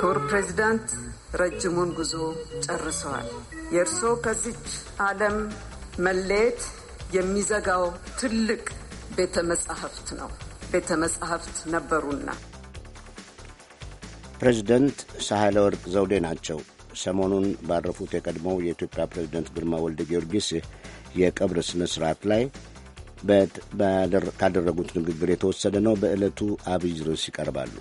ክቡር ፕሬዚዳንት ረጅሙን ጉዞ ጨርሰዋል። የእርስዎ ከዚች ዓለም መለየት የሚዘጋው ትልቅ ቤተ መጻሕፍት ነው። ቤተ መጻሕፍት ነበሩና ፕሬዚደንት ሳህለ ወርቅ ዘውዴ ናቸው። ሰሞኑን ባረፉት የቀድሞው የኢትዮጵያ ፕሬዚደንት ግርማ ወልደ ጊዮርጊስ የቀብር ስነ ስርዓት ላይ ካደረጉት ንግግር የተወሰደ ነው። በዕለቱ አብይ ርዕስ ይቀርባሉ።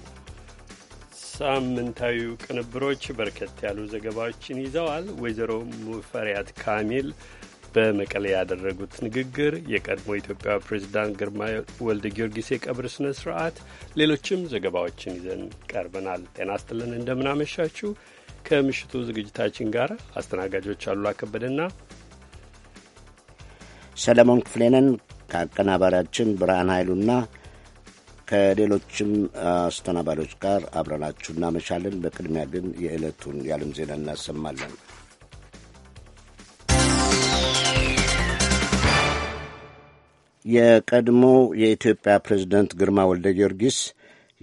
ሳምንታዊ ቅንብሮች በርከት ያሉ ዘገባዎችን ይዘዋል። ወይዘሮ ሙፈሪያት ካሚል በመቀሌ ያደረጉት ንግግር፣ የቀድሞ ኢትዮጵያ ፕሬዚዳንት ግርማ ወልደ ጊዮርጊስ የቀብር ስነ ስርዓት፣ ሌሎችም ዘገባዎችን ይዘን ቀርበናል። ጤና ይስጥልን፣ እንደምናመሻችሁ። ከምሽቱ ዝግጅታችን ጋር አስተናጋጆች አሉላ ከበደና ሰለሞን ክፍሌነን ከአቀናባሪያችን ብርሃን ኃይሉና ከሌሎችም አስተናባሪዎች ጋር አብረናችሁ እናመሻለን። በቅድሚያ ግን የዕለቱን የዓለም ዜና እናሰማለን። የቀድሞው የኢትዮጵያ ፕሬዝደንት ግርማ ወልደ ጊዮርጊስ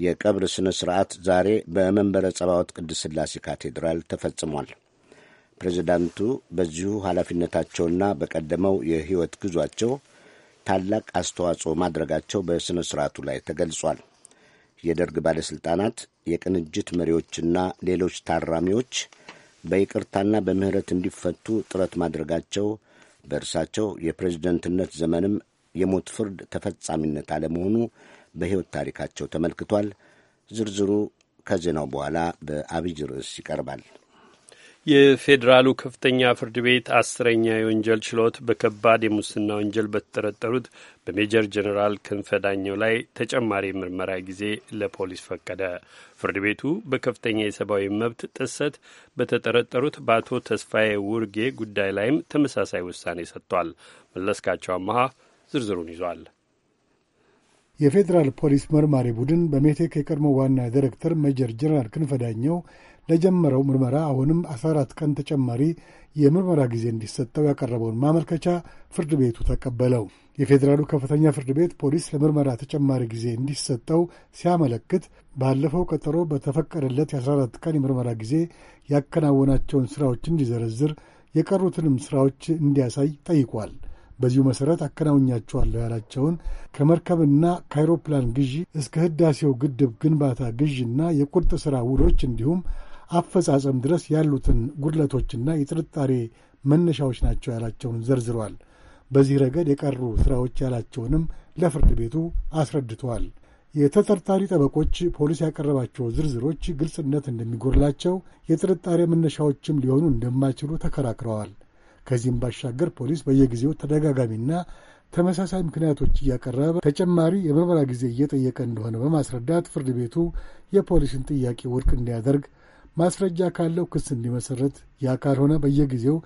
የቀብር ሥነ ሥርዓት ዛሬ በመንበረ ጸባዖት ቅድስት ሥላሴ ካቴድራል ተፈጽሟል። ፕሬዚዳንቱ በዚሁ ኃላፊነታቸውና በቀደመው የሕይወት ጉዟቸው ታላቅ አስተዋጽኦ ማድረጋቸው በሥነ ሥርዓቱ ላይ ተገልጿል። የደርግ ባለሥልጣናት፣ የቅንጅት መሪዎችና ሌሎች ታራሚዎች በይቅርታና በምህረት እንዲፈቱ ጥረት ማድረጋቸው በእርሳቸው የፕሬዝደንትነት ዘመንም የሞት ፍርድ ተፈጻሚነት አለመሆኑ በሕይወት ታሪካቸው ተመልክቷል። ዝርዝሩ ከዜናው በኋላ በአብይ ርዕስ ይቀርባል። የፌዴራሉ ከፍተኛ ፍርድ ቤት አስረኛ የወንጀል ችሎት በከባድ የሙስና ወንጀል በተጠረጠሩት በሜጀር ጀኔራል ክንፈ ዳኘው ላይ ተጨማሪ ምርመራ ጊዜ ለፖሊስ ፈቀደ። ፍርድ ቤቱ በከፍተኛ የሰብአዊ መብት ጥሰት በተጠረጠሩት በአቶ ተስፋዬ ውርጌ ጉዳይ ላይም ተመሳሳይ ውሳኔ ሰጥቷል። መለስካቸው አመሃ ዝርዝሩን ይዟል። የፌዴራል ፖሊስ መርማሪ ቡድን በሜቴክ የቀድሞ ዋና ዲሬክተር ሜጀር ጀኔራል ክንፈ ዳኘው ለጀመረው ምርመራ አሁንም 14 ቀን ተጨማሪ የምርመራ ጊዜ እንዲሰጠው ያቀረበውን ማመልከቻ ፍርድ ቤቱ ተቀበለው። የፌዴራሉ ከፍተኛ ፍርድ ቤት ፖሊስ ለምርመራ ተጨማሪ ጊዜ እንዲሰጠው ሲያመለክት ባለፈው ቀጠሮ በተፈቀደለት የ14 ቀን የምርመራ ጊዜ ያከናወናቸውን ሥራዎች እንዲዘረዝር የቀሩትንም ሥራዎች እንዲያሳይ ጠይቋል። በዚሁ መሠረት አከናውኛቸዋለሁ ያላቸውን ከመርከብና ከአይሮፕላን ግዢ እስከ ሕዳሴው ግድብ ግንባታ ግዢና የቁርጥ ሥራ ውሎች እንዲሁም አፈጻጸም ድረስ ያሉትን ጉድለቶችና የጥርጣሬ መነሻዎች ናቸው ያላቸውን ዘርዝሯል። በዚህ ረገድ የቀሩ ሥራዎች ያላቸውንም ለፍርድ ቤቱ አስረድተዋል። የተጠርጣሪ ጠበቆች ፖሊስ ያቀረባቸው ዝርዝሮች ግልጽነት እንደሚጎድላቸው፣ የጥርጣሬ መነሻዎችም ሊሆኑ እንደማይችሉ ተከራክረዋል። ከዚህም ባሻገር ፖሊስ በየጊዜው ተደጋጋሚና ተመሳሳይ ምክንያቶች እያቀረበ ተጨማሪ የምርመራ ጊዜ እየጠየቀ እንደሆነ በማስረዳት ፍርድ ቤቱ የፖሊስን ጥያቄ ውድቅ እንዲያደርግ ማስረጃ ካለው ክስ እንዲመሰረት ያ ካልሆነ በየጊዜው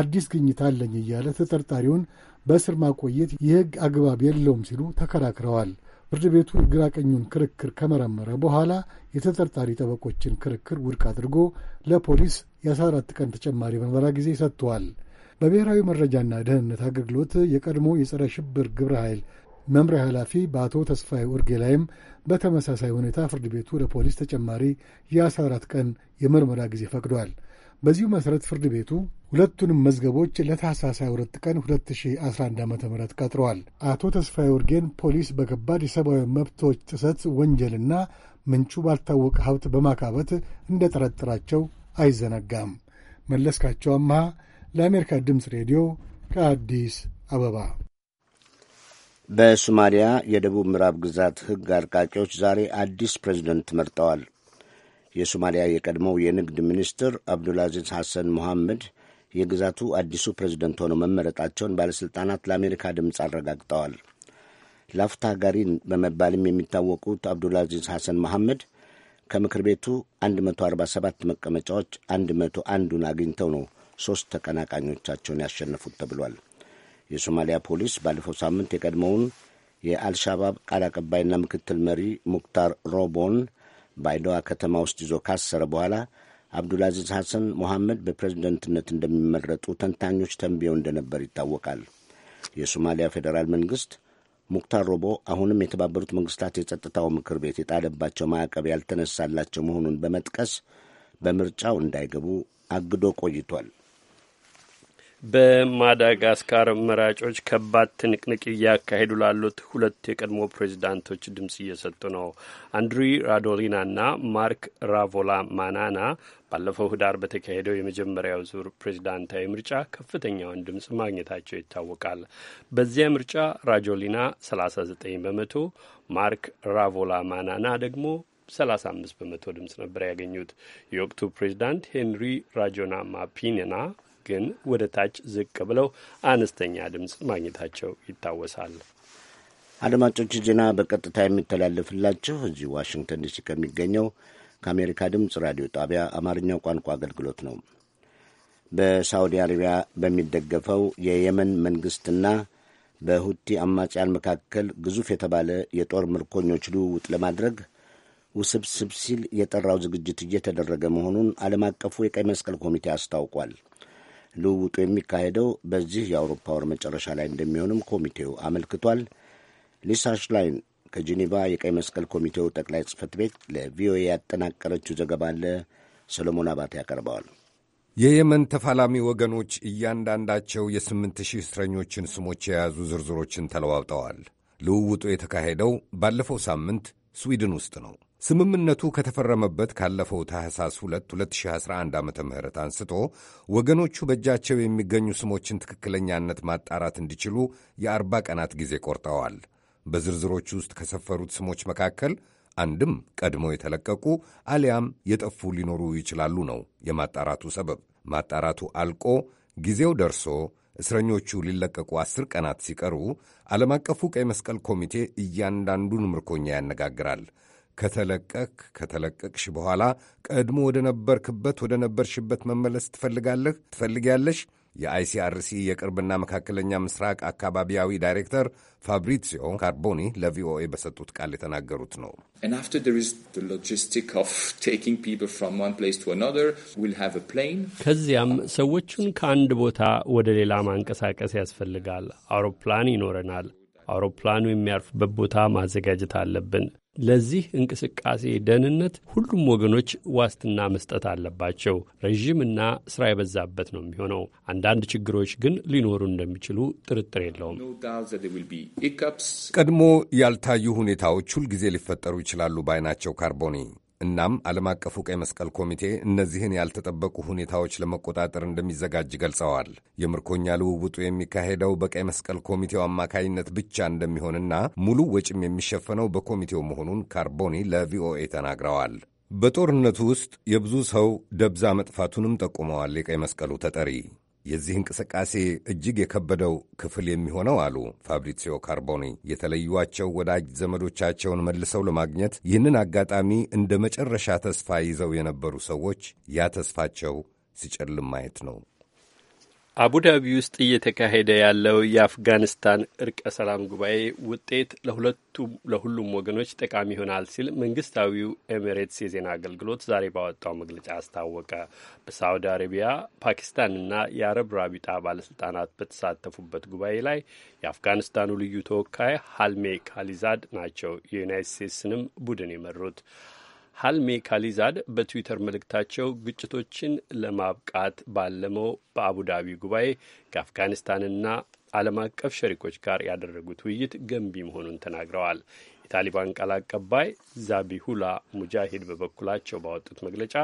አዲስ ግኝት አለኝ እያለ ተጠርጣሪውን በእስር ማቆየት የሕግ አግባብ የለውም ሲሉ ተከራክረዋል። ፍርድ ቤቱ ግራ ቀኙን ክርክር ከመረመረ በኋላ የተጠርጣሪ ጠበቆችን ክርክር ውድቅ አድርጎ ለፖሊስ የአስራ አራት ቀን ተጨማሪ ምርመራ ጊዜ ሰጥተዋል። በብሔራዊ መረጃና ደህንነት አገልግሎት የቀድሞ የጸረ ሽብር ግብረ ኃይል መምሪያ ኃላፊ በአቶ ተስፋዬ ኡርጌ ላይም በተመሳሳይ ሁኔታ ፍርድ ቤቱ ለፖሊስ ተጨማሪ የ14 ቀን የምርመራ ጊዜ ፈቅዷል። በዚሁ መሠረት ፍርድ ቤቱ ሁለቱንም መዝገቦች ለታህሳስ ሁለት ቀን 2011 ዓ ም ቀጥረዋል። አቶ ተስፋዬ ወርጌን ፖሊስ በከባድ የሰብአዊ መብቶች ጥሰት ወንጀልና ምንጩ ባልታወቀ ሀብት በማካበት እንደጠረጠራቸው አይዘነጋም። መለስካቸው አምሃ ለአሜሪካ ድምፅ ሬዲዮ ከአዲስ አበባ በሶማሊያ የደቡብ ምዕራብ ግዛት ሕግ አርቃቂዎች ዛሬ አዲስ ፕሬዝደንት መርጠዋል። የሶማሊያ የቀድሞው የንግድ ሚኒስትር አብዱልአዚዝ ሐሰን ሙሐመድ የግዛቱ አዲሱ ፕሬዝደንት ሆነው መመረጣቸውን ባለሥልጣናት ለአሜሪካ ድምፅ አረጋግጠዋል። ላፍታ ጋሪን በመባልም የሚታወቁት አብዱልአዚዝ ሐሰን መሐመድ ከምክር ቤቱ 147 መቀመጫዎች 101 ን አግኝተው ነው ሦስት ተቀናቃኞቻቸውን ያሸነፉት ተብሏል። የሶማሊያ ፖሊስ ባለፈው ሳምንት የቀድሞውን የአልሻባብ ቃል አቀባይና ምክትል መሪ ሙክታር ሮቦን በአይደዋ ከተማ ውስጥ ይዞ ካሰረ በኋላ አብዱልአዚዝ ሐሰን ሞሐመድ በፕሬዝደንትነት እንደሚመረጡ ተንታኞች ተንብየው እንደነበር ይታወቃል። የሶማሊያ ፌዴራል መንግሥት ሙክታር ሮቦ አሁንም የተባበሩት መንግስታት የጸጥታው ምክር ቤት የጣለባቸው ማዕቀብ ያልተነሳላቸው መሆኑን በመጥቀስ በምርጫው እንዳይገቡ አግዶ ቆይቷል። በማዳጋስካር መራጮች ከባድ ትንቅንቅ እያካሄዱ ላሉት ሁለት የቀድሞ ፕሬዚዳንቶች ድምፅ እየሰጡ ነው። አንድሪ ራዶሊናና ማርክ ራቮላ ማናና ባለፈው ህዳር በተካሄደው የመጀመሪያው ዙር ፕሬዚዳንታዊ ምርጫ ከፍተኛውን ድምፅ ማግኘታቸው ይታወቃል። በዚያ ምርጫ ራጆሊና 39 በመቶ፣ ማርክ ራቮላ ማናና ደግሞ 35 በመቶ ድምፅ ነበር ያገኙት። የወቅቱ ፕሬዚዳንት ሄንሪ ራጆና ማፒንና ግን ወደ ታች ዝቅ ብለው አነስተኛ ድምፅ ማግኘታቸው ይታወሳል። አድማጮች ዜና በቀጥታ የሚተላለፍላችሁ እዚህ ዋሽንግተን ዲሲ ከሚገኘው ከአሜሪካ ድምፅ ራዲዮ ጣቢያ አማርኛው ቋንቋ አገልግሎት ነው። በሳውዲ አረቢያ በሚደገፈው የየመን መንግሥትና በሁቲ አማጽያን መካከል ግዙፍ የተባለ የጦር ምርኮኞች ልውውጥ ለማድረግ ውስብስብ ሲል የጠራው ዝግጅት እየተደረገ መሆኑን ዓለም አቀፉ የቀይ መስቀል ኮሚቴ አስታውቋል። ልውውጡ የሚካሄደው በዚህ የአውሮፓ ወር መጨረሻ ላይ እንደሚሆንም ኮሚቴው አመልክቷል። ሊሳ ሽላይን ከጄኔቫ የቀይ መስቀል ኮሚቴው ጠቅላይ ጽህፈት ቤት ለቪኦኤ ያጠናቀረችው ዘገባ አለ። ሰሎሞን አባቴ ያቀርበዋል። የየመን ተፋላሚ ወገኖች እያንዳንዳቸው የስምንት ሺህ እስረኞችን ስሞች የያዙ ዝርዝሮችን ተለዋውጠዋል። ልውውጡ የተካሄደው ባለፈው ሳምንት ስዊድን ውስጥ ነው። ስምምነቱ ከተፈረመበት ካለፈው ታህሳስ 2 2011 ዓ ም አንስቶ ወገኖቹ በእጃቸው የሚገኙ ስሞችን ትክክለኛነት ማጣራት እንዲችሉ የአርባ ቀናት ጊዜ ቆርጠዋል። በዝርዝሮቹ ውስጥ ከሰፈሩት ስሞች መካከል አንድም ቀድሞ የተለቀቁ አሊያም የጠፉ ሊኖሩ ይችላሉ ነው የማጣራቱ ሰበብ። ማጣራቱ አልቆ ጊዜው ደርሶ እስረኞቹ ሊለቀቁ አስር ቀናት ሲቀሩ ዓለም አቀፉ ቀይ መስቀል ኮሚቴ እያንዳንዱን ምርኮኛ ያነጋግራል። ከተለቀክ ከተለቀቅሽ በኋላ ቀድሞ ወደ ነበርክበት ወደ ነበርሽበት መመለስ ትፈልጋለህ ትፈልጊያለሽ? የአይሲአርሲ የቅርብና መካከለኛ ምስራቅ አካባቢያዊ ዳይሬክተር ፋብሪዚዮ ካርቦኒ ለቪኦኤ በሰጡት ቃል የተናገሩት ነው። ከዚያም ሰዎቹን ከአንድ ቦታ ወደ ሌላ ማንቀሳቀስ ያስፈልጋል። አውሮፕላን ይኖረናል። አውሮፕላኑ የሚያርፍበት ቦታ ማዘጋጀት አለብን። ለዚህ እንቅስቃሴ ደህንነት ሁሉም ወገኖች ዋስትና መስጠት አለባቸው። ረዥምና ስራ የበዛበት ነው የሚሆነው። አንዳንድ ችግሮች ግን ሊኖሩ እንደሚችሉ ጥርጥር የለውም። ቀድሞ ያልታዩ ሁኔታዎች ሁልጊዜ ሊፈጠሩ ይችላሉ ባይ ናቸው ካርቦኒ። እናም ዓለም አቀፉ ቀይ መስቀል ኮሚቴ እነዚህን ያልተጠበቁ ሁኔታዎች ለመቆጣጠር እንደሚዘጋጅ ገልጸዋል። የምርኮኛ ልውውጡ የሚካሄደው በቀይ መስቀል ኮሚቴው አማካይነት ብቻ እንደሚሆንና ሙሉ ወጪም የሚሸፈነው በኮሚቴው መሆኑን ካርቦኒ ለቪኦኤ ተናግረዋል። በጦርነቱ ውስጥ የብዙ ሰው ደብዛ መጥፋቱንም ጠቁመዋል የቀይ መስቀሉ ተጠሪ የዚህ እንቅስቃሴ እጅግ የከበደው ክፍል የሚሆነው አሉ ፋብሪሲዮ ካርቦኒ የተለዩዋቸው ወዳጅ ዘመዶቻቸውን መልሰው ለማግኘት ይህንን አጋጣሚ እንደ መጨረሻ ተስፋ ይዘው የነበሩ ሰዎች ያ ተስፋቸው ሲጨልም ማየት ነው። አቡዳቢ ውስጥ እየተካሄደ ያለው የአፍጋኒስታን እርቀ ሰላም ጉባኤ ውጤት ለሁለቱ ለሁሉም ወገኖች ጠቃሚ ይሆናል ሲል መንግስታዊው ኤሚሬትስ የዜና አገልግሎት ዛሬ ባወጣው መግለጫ አስታወቀ። በሳዑዲ አረቢያ፣ ፓኪስታንና የአረብ ራቢጣ ባለስልጣናት በተሳተፉበት ጉባኤ ላይ የአፍጋኒስታኑ ልዩ ተወካይ ሀልሜ ካሊዛድ ናቸው የዩናይት ስቴትስንም ቡድን የመሩት። ሀልሜ ካሊዛድ በትዊተር መልእክታቸው ግጭቶችን ለማብቃት ባለመው በአቡዳቢ ጉባኤ ከአፍጋኒስታንና ዓለም አቀፍ ሸሪኮች ጋር ያደረጉት ውይይት ገንቢ መሆኑን ተናግረዋል። የታሊባን ቃል አቀባይ ዛቢሁላ ሙጃሂድ በበኩላቸው ባወጡት መግለጫ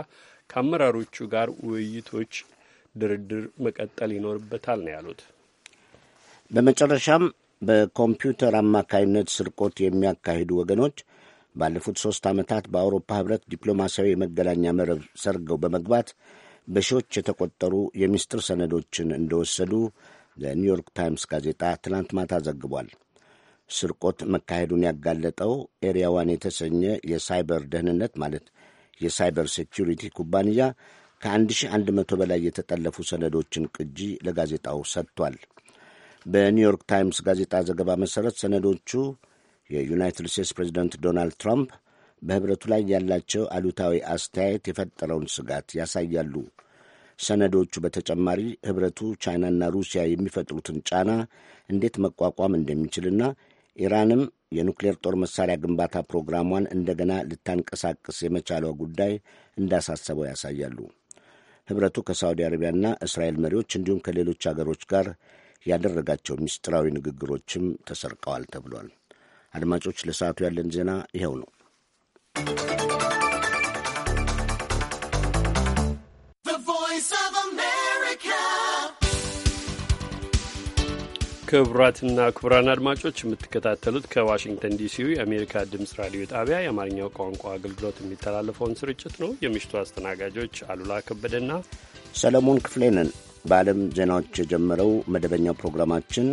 ከአመራሮቹ ጋር ውይይቶች፣ ድርድር መቀጠል ይኖርበታል ነው ያሉት። በመጨረሻም በኮምፒውተር አማካይነት ስርቆት የሚያካሂዱ ወገኖች ባለፉት ሦስት ዓመታት በአውሮፓ ኅብረት ዲፕሎማሲያዊ የመገናኛ መረብ ሰርገው በመግባት በሺዎች የተቆጠሩ የሚስጥር ሰነዶችን እንደወሰዱ ለኒውዮርክ ታይምስ ጋዜጣ ትናንት ማታ ዘግቧል። ስርቆት መካሄዱን ያጋለጠው ኤሪያዋን የተሰኘ የሳይበር ደህንነት ማለት የሳይበር ሴኪሪቲ ኩባንያ ከ1100 በላይ የተጠለፉ ሰነዶችን ቅጂ ለጋዜጣው ሰጥቷል። በኒውዮርክ ታይምስ ጋዜጣ ዘገባ መሠረት ሰነዶቹ የዩናይትድ ስቴትስ ፕሬዚደንት ዶናልድ ትራምፕ በህብረቱ ላይ ያላቸው አሉታዊ አስተያየት የፈጠረውን ስጋት ያሳያሉ። ሰነዶቹ በተጨማሪ ህብረቱ ቻይናና ሩሲያ የሚፈጥሩትን ጫና እንዴት መቋቋም እንደሚችልና ኢራንም የኑክሌር ጦር መሳሪያ ግንባታ ፕሮግራሟን እንደገና ልታንቀሳቅስ የመቻለው ጉዳይ እንዳሳሰበው ያሳያሉ። ህብረቱ ከሳዑዲ አረቢያና እስራኤል መሪዎች እንዲሁም ከሌሎች አገሮች ጋር ያደረጋቸው ምስጢራዊ ንግግሮችም ተሰርቀዋል ተብሏል። አድማጮች፣ ለሰዓቱ ያለን ዜና ይኸው ነው። ክቡራትና ክቡራን አድማጮች የምትከታተሉት ከዋሽንግተን ዲሲው የአሜሪካ ድምፅ ራዲዮ ጣቢያ የአማርኛው ቋንቋ አገልግሎት የሚተላለፈውን ስርጭት ነው። የምሽቱ አስተናጋጆች አሉላ ከበደና ሰለሞን ክፍሌ ነን። በዓለም ዜናዎች የጀመረው መደበኛው ፕሮግራማችን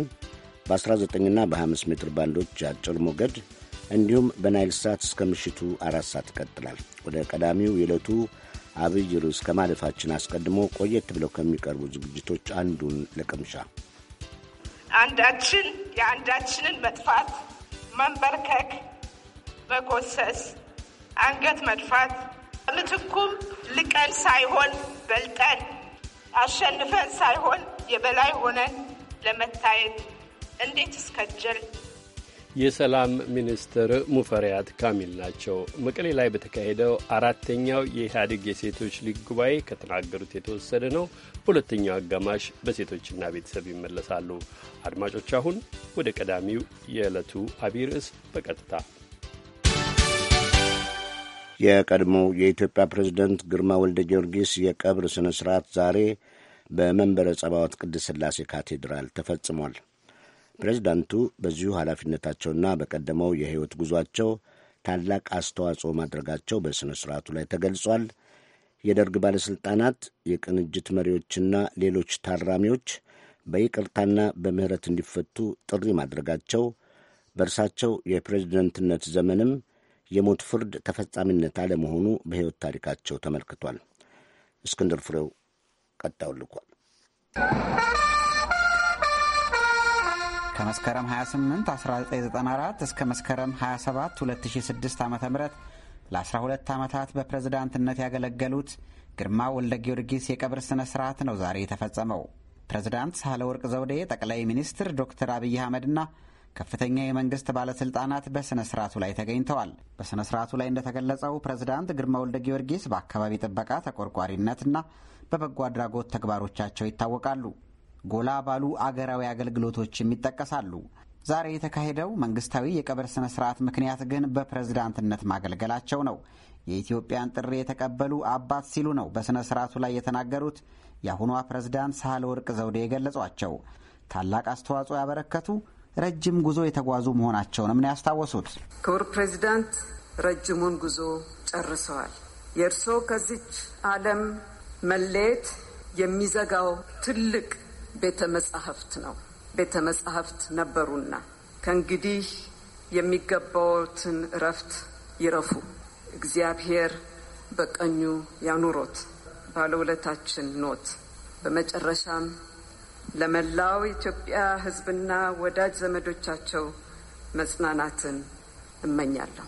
በ19ና በ 25 ሜትር ባንዶች አጭር ሞገድ እንዲሁም በናይል ሳት እስከ ምሽቱ አራት ሰዓት ይቀጥላል። ወደ ቀዳሚው የዕለቱ አብይ ርዕስ ከማለፋችን አስቀድሞ ቆየት ብለው ከሚቀርቡ ዝግጅቶች አንዱን ለቅምሻ አንዳችን የአንዳችንን መጥፋት፣ መንበርከክ፣ መኮሰስ፣ አንገት መድፋት ምትኩም ልቀን ሳይሆን በልጠን አሸንፈን ሳይሆን የበላይ ሆነን ለመታየት እንዴት እስከጀል የሰላም ሚኒስትር ሙፈሪያት ካሚል ናቸው። መቀሌ ላይ በተካሄደው አራተኛው የኢህአዴግ የሴቶች ሊግ ጉባኤ ከተናገሩት የተወሰደ ነው። በሁለተኛው አጋማሽ በሴቶችና ቤተሰብ ይመለሳሉ። አድማጮች፣ አሁን ወደ ቀዳሚው የዕለቱ አቢይ ርዕስ በቀጥታ የቀድሞው የኢትዮጵያ ፕሬዝደንት ግርማ ወልደ ጊዮርጊስ የቀብር ሥነ ሥርዓት ዛሬ በመንበረ ጸባዖት ቅድስት ሥላሴ ካቴድራል ተፈጽሟል። ፕሬዚዳንቱ በዚሁ ኃላፊነታቸውና በቀደመው የሕይወት ጉዟቸው ታላቅ አስተዋጽኦ ማድረጋቸው በሥነ ሥርዓቱ ላይ ተገልጿል። የደርግ ባለሥልጣናት፣ የቅንጅት መሪዎችና ሌሎች ታራሚዎች በይቅርታና በምህረት እንዲፈቱ ጥሪ ማድረጋቸው በእርሳቸው የፕሬዝደንትነት ዘመንም የሞት ፍርድ ተፈጻሚነት አለመሆኑ በሕይወት ታሪካቸው ተመልክቷል። እስክንድር ፍሬው ቀጣዩ ልኳል። ከመስከረም 28 1994 እስከ መስከረም 27 2006 ዓ ም ለ12 ዓመታት በፕሬዝዳንትነት ያገለገሉት ግርማ ወልደ ጊዮርጊስ የቀብር ሥነ ሥርዓት ነው ዛሬ የተፈጸመው። ፕሬዝዳንት ሳህለወርቅ ዘውዴ፣ ጠቅላይ ሚኒስትር ዶክተር አብይ አህመድና ከፍተኛ የመንግሥት ባለሥልጣናት በሥነ ሥርዓቱ ላይ ተገኝተዋል። በሥነ ሥርዓቱ ላይ እንደተገለጸው ፕሬዝዳንት ግርማ ወልደ ጊዮርጊስ በአካባቢ ጥበቃ ተቆርቋሪነትና በበጎ አድራጎት ተግባሮቻቸው ይታወቃሉ። ጎላ ባሉ አገራዊ አገልግሎቶችም ይጠቀሳሉ። ዛሬ የተካሄደው መንግስታዊ የቀብር ስነ ስርዓት ምክንያት ግን በፕሬዝዳንትነት ማገልገላቸው ነው። የኢትዮጵያን ጥሪ የተቀበሉ አባት ሲሉ ነው በሥነ ሥርዓቱ ላይ የተናገሩት የአሁኗ ፕሬዝዳንት ሳህለ ወርቅ ዘውዴ የገለጿቸው። ታላቅ አስተዋጽኦ ያበረከቱ ረጅም ጉዞ የተጓዙ መሆናቸውንም ነው ያስታወሱት። ክቡር ፕሬዝዳንት ረጅሙን ጉዞ ጨርሰዋል። የእርስዎ ከዚች ዓለም መለየት የሚዘጋው ትልቅ ቤተ መጻሕፍት ነው። ቤተ መጻሕፍት ነበሩና ከእንግዲህ የሚገባዎትን እረፍት ይረፉ፣ እግዚአብሔር በቀኙ ያኑሮት፣ ባለውለታችን ኖት። በመጨረሻም ለመላው ኢትዮጵያ ሕዝብና ወዳጅ ዘመዶቻቸው መጽናናትን እመኛለሁ።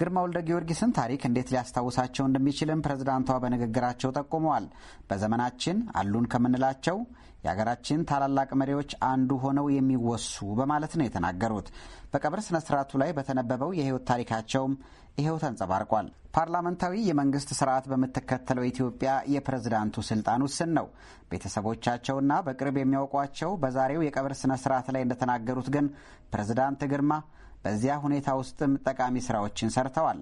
ግርማ ወልደ ጊዮርጊስን ታሪክ እንዴት ሊያስታውሳቸው እንደሚችልም ፕሬዝዳንቷ በንግግራቸው ጠቁመዋል። በዘመናችን አሉን ከምንላቸው የሀገራችን ታላላቅ መሪዎች አንዱ ሆነው የሚወሱ በማለት ነው የተናገሩት። በቀብር ስነ ስርዓቱ ላይ በተነበበው የህይወት ታሪካቸውም ይኸው ተንጸባርቋል። ፓርላመንታዊ የመንግስት ስርዓት በምትከተለው ኢትዮጵያ የፕሬዝዳንቱ ስልጣን ውስን ነው። ቤተሰቦቻቸውና በቅርብ የሚያውቋቸው በዛሬው የቀብር ስነ ስርዓት ላይ እንደተናገሩት ግን ፕሬዝዳንት ግርማ በዚያ ሁኔታ ውስጥም ጠቃሚ ስራዎችን ሰርተዋል።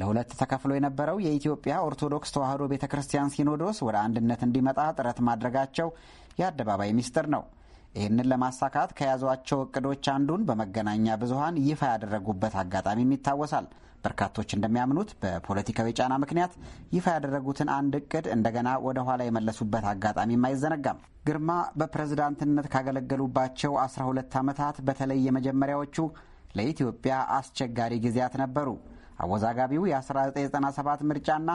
ለሁለት ተከፍሎ የነበረው የኢትዮጵያ ኦርቶዶክስ ተዋሕዶ ቤተ ክርስቲያን ሲኖዶስ ወደ አንድነት እንዲመጣ ጥረት ማድረጋቸው የአደባባይ ሚስጥር ነው። ይህንን ለማሳካት ከያዟቸው እቅዶች አንዱን በመገናኛ ብዙኃን ይፋ ያደረጉበት አጋጣሚም ይታወሳል። በርካቶች እንደሚያምኑት በፖለቲካዊ ጫና ምክንያት ይፋ ያደረጉትን አንድ እቅድ እንደገና ወደ ኋላ የመለሱበት አጋጣሚም አይዘነጋም። ግርማ በፕሬዝዳንትነት ካገለገሉባቸው አስራ ሁለት ዓመታት በተለይ የመጀመሪያዎቹ ለኢትዮጵያ አስቸጋሪ ጊዜያት ነበሩ። አወዛጋቢው የ1997 ምርጫና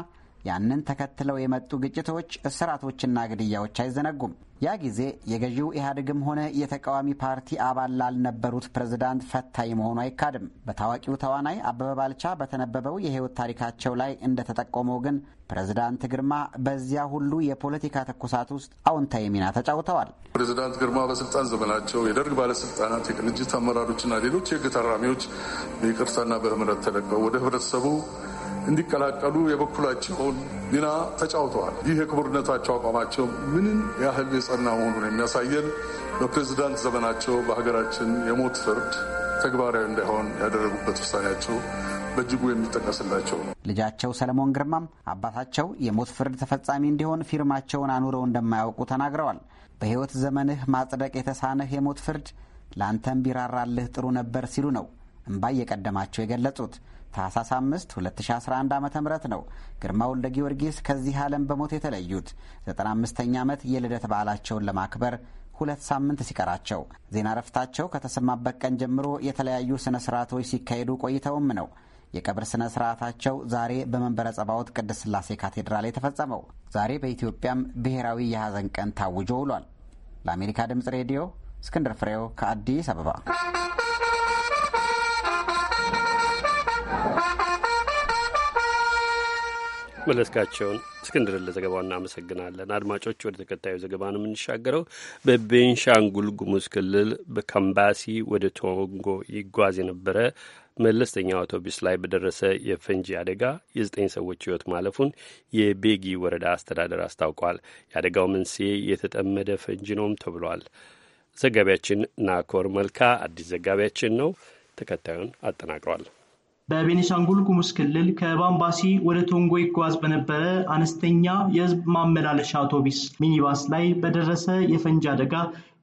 ያንን ተከትለው የመጡ ግጭቶች፣ እስራቶችና ግድያዎች አይዘነጉም። ያ ጊዜ የገዢው ኢህአዴግም ሆነ የተቃዋሚ ፓርቲ አባል ላልነበሩት ፕሬዝዳንት ፈታኝ መሆኑ አይካድም። በታዋቂው ተዋናይ አበበ ባልቻ በተነበበው የህይወት ታሪካቸው ላይ እንደተጠቆመው ግን ፕሬዝዳንት ግርማ በዚያ ሁሉ የፖለቲካ ትኩሳት ውስጥ አዎንታዊ ሚና ተጫውተዋል። ፕሬዝዳንት ግርማ በስልጣን ዘመናቸው የደርግ ባለስልጣናት፣ የቅንጅት አመራሮችና ሌሎች የህግ ታራሚዎች በይቅርታና በምህረት ተለቀው ወደ ህብረተሰቡ እንዲቀላቀሉ የበኩላቸውን ሚና ተጫውተዋል። ይህ የክቡርነታቸው አቋማቸው ምንም ያህል የጸና መሆኑን የሚያሳየን በፕሬዝዳንት ዘመናቸው በሀገራችን የሞት ፍርድ ተግባራዊ እንዳይሆን ያደረጉበት ውሳኔያቸው በእጅጉ የሚጠቀስላቸው ነው። ልጃቸው ሰለሞን ግርማም አባታቸው የሞት ፍርድ ተፈጻሚ እንዲሆን ፊርማቸውን አኑረው እንደማያውቁ ተናግረዋል። በሕይወት ዘመንህ ማጽደቅ የተሳነህ የሞት ፍርድ ለአንተም ቢራራልህ ጥሩ ነበር ሲሉ ነው እምባ እየቀደማቸው የገለጹት። ታህሳስ 5 2011 ዓ ም ነው ግርማ ወልደ ጊዮርጊስ ከዚህ ዓለም በሞት የተለዩት 95ኛ ዓመት የልደት በዓላቸውን ለማክበር ሁለት ሳምንት ሲቀራቸው ዜና እረፍታቸው ከተሰማበት ቀን ጀምሮ የተለያዩ ስነ ስርዓቶች ሲካሄዱ ቆይተውም ነው የቀብር ስነ ስርዓታቸው ዛሬ በመንበረ ጸባዖት ቅድስት ስላሴ ካቴድራል የተፈጸመው። ዛሬ በኢትዮጵያም ብሔራዊ የሐዘን ቀን ታውጆ ውሏል። ለአሜሪካ ድምፅ ሬዲዮ እስክንድር ፍሬው ከአዲስ አበባ። መለስካቸውን እስክንድርን ለዘገባው እናመሰግናለን። አድማጮች ወደ ተከታዩ ዘገባ ነው የምንሻገረው። በቤንሻንጉል ጉሙዝ ክልል በካምባሲ ወደ ቶንጎ ይጓዝ የነበረ መለስተኛ አውቶቡስ ላይ በደረሰ የፈንጂ አደጋ የዘጠኝ ሰዎች ሕይወት ማለፉን የቤጊ ወረዳ አስተዳደር አስታውቋል። የአደጋው መንስኤ የተጠመደ ፈንጂ ነውም ተብሏል። ዘጋቢያችን ናኮር መልካ አዲስ ዘጋቢያችን ነው። ተከታዩን አጠናቅሯል። በቤኒሻንጉል ጉሙዝ ክልል ከባምባሲ ወደ ቶንጎ ይጓዝ በነበረ አነስተኛ የህዝብ ማመላለሻ አውቶቢስ ሚኒባስ ላይ በደረሰ የፈንጂ አደጋ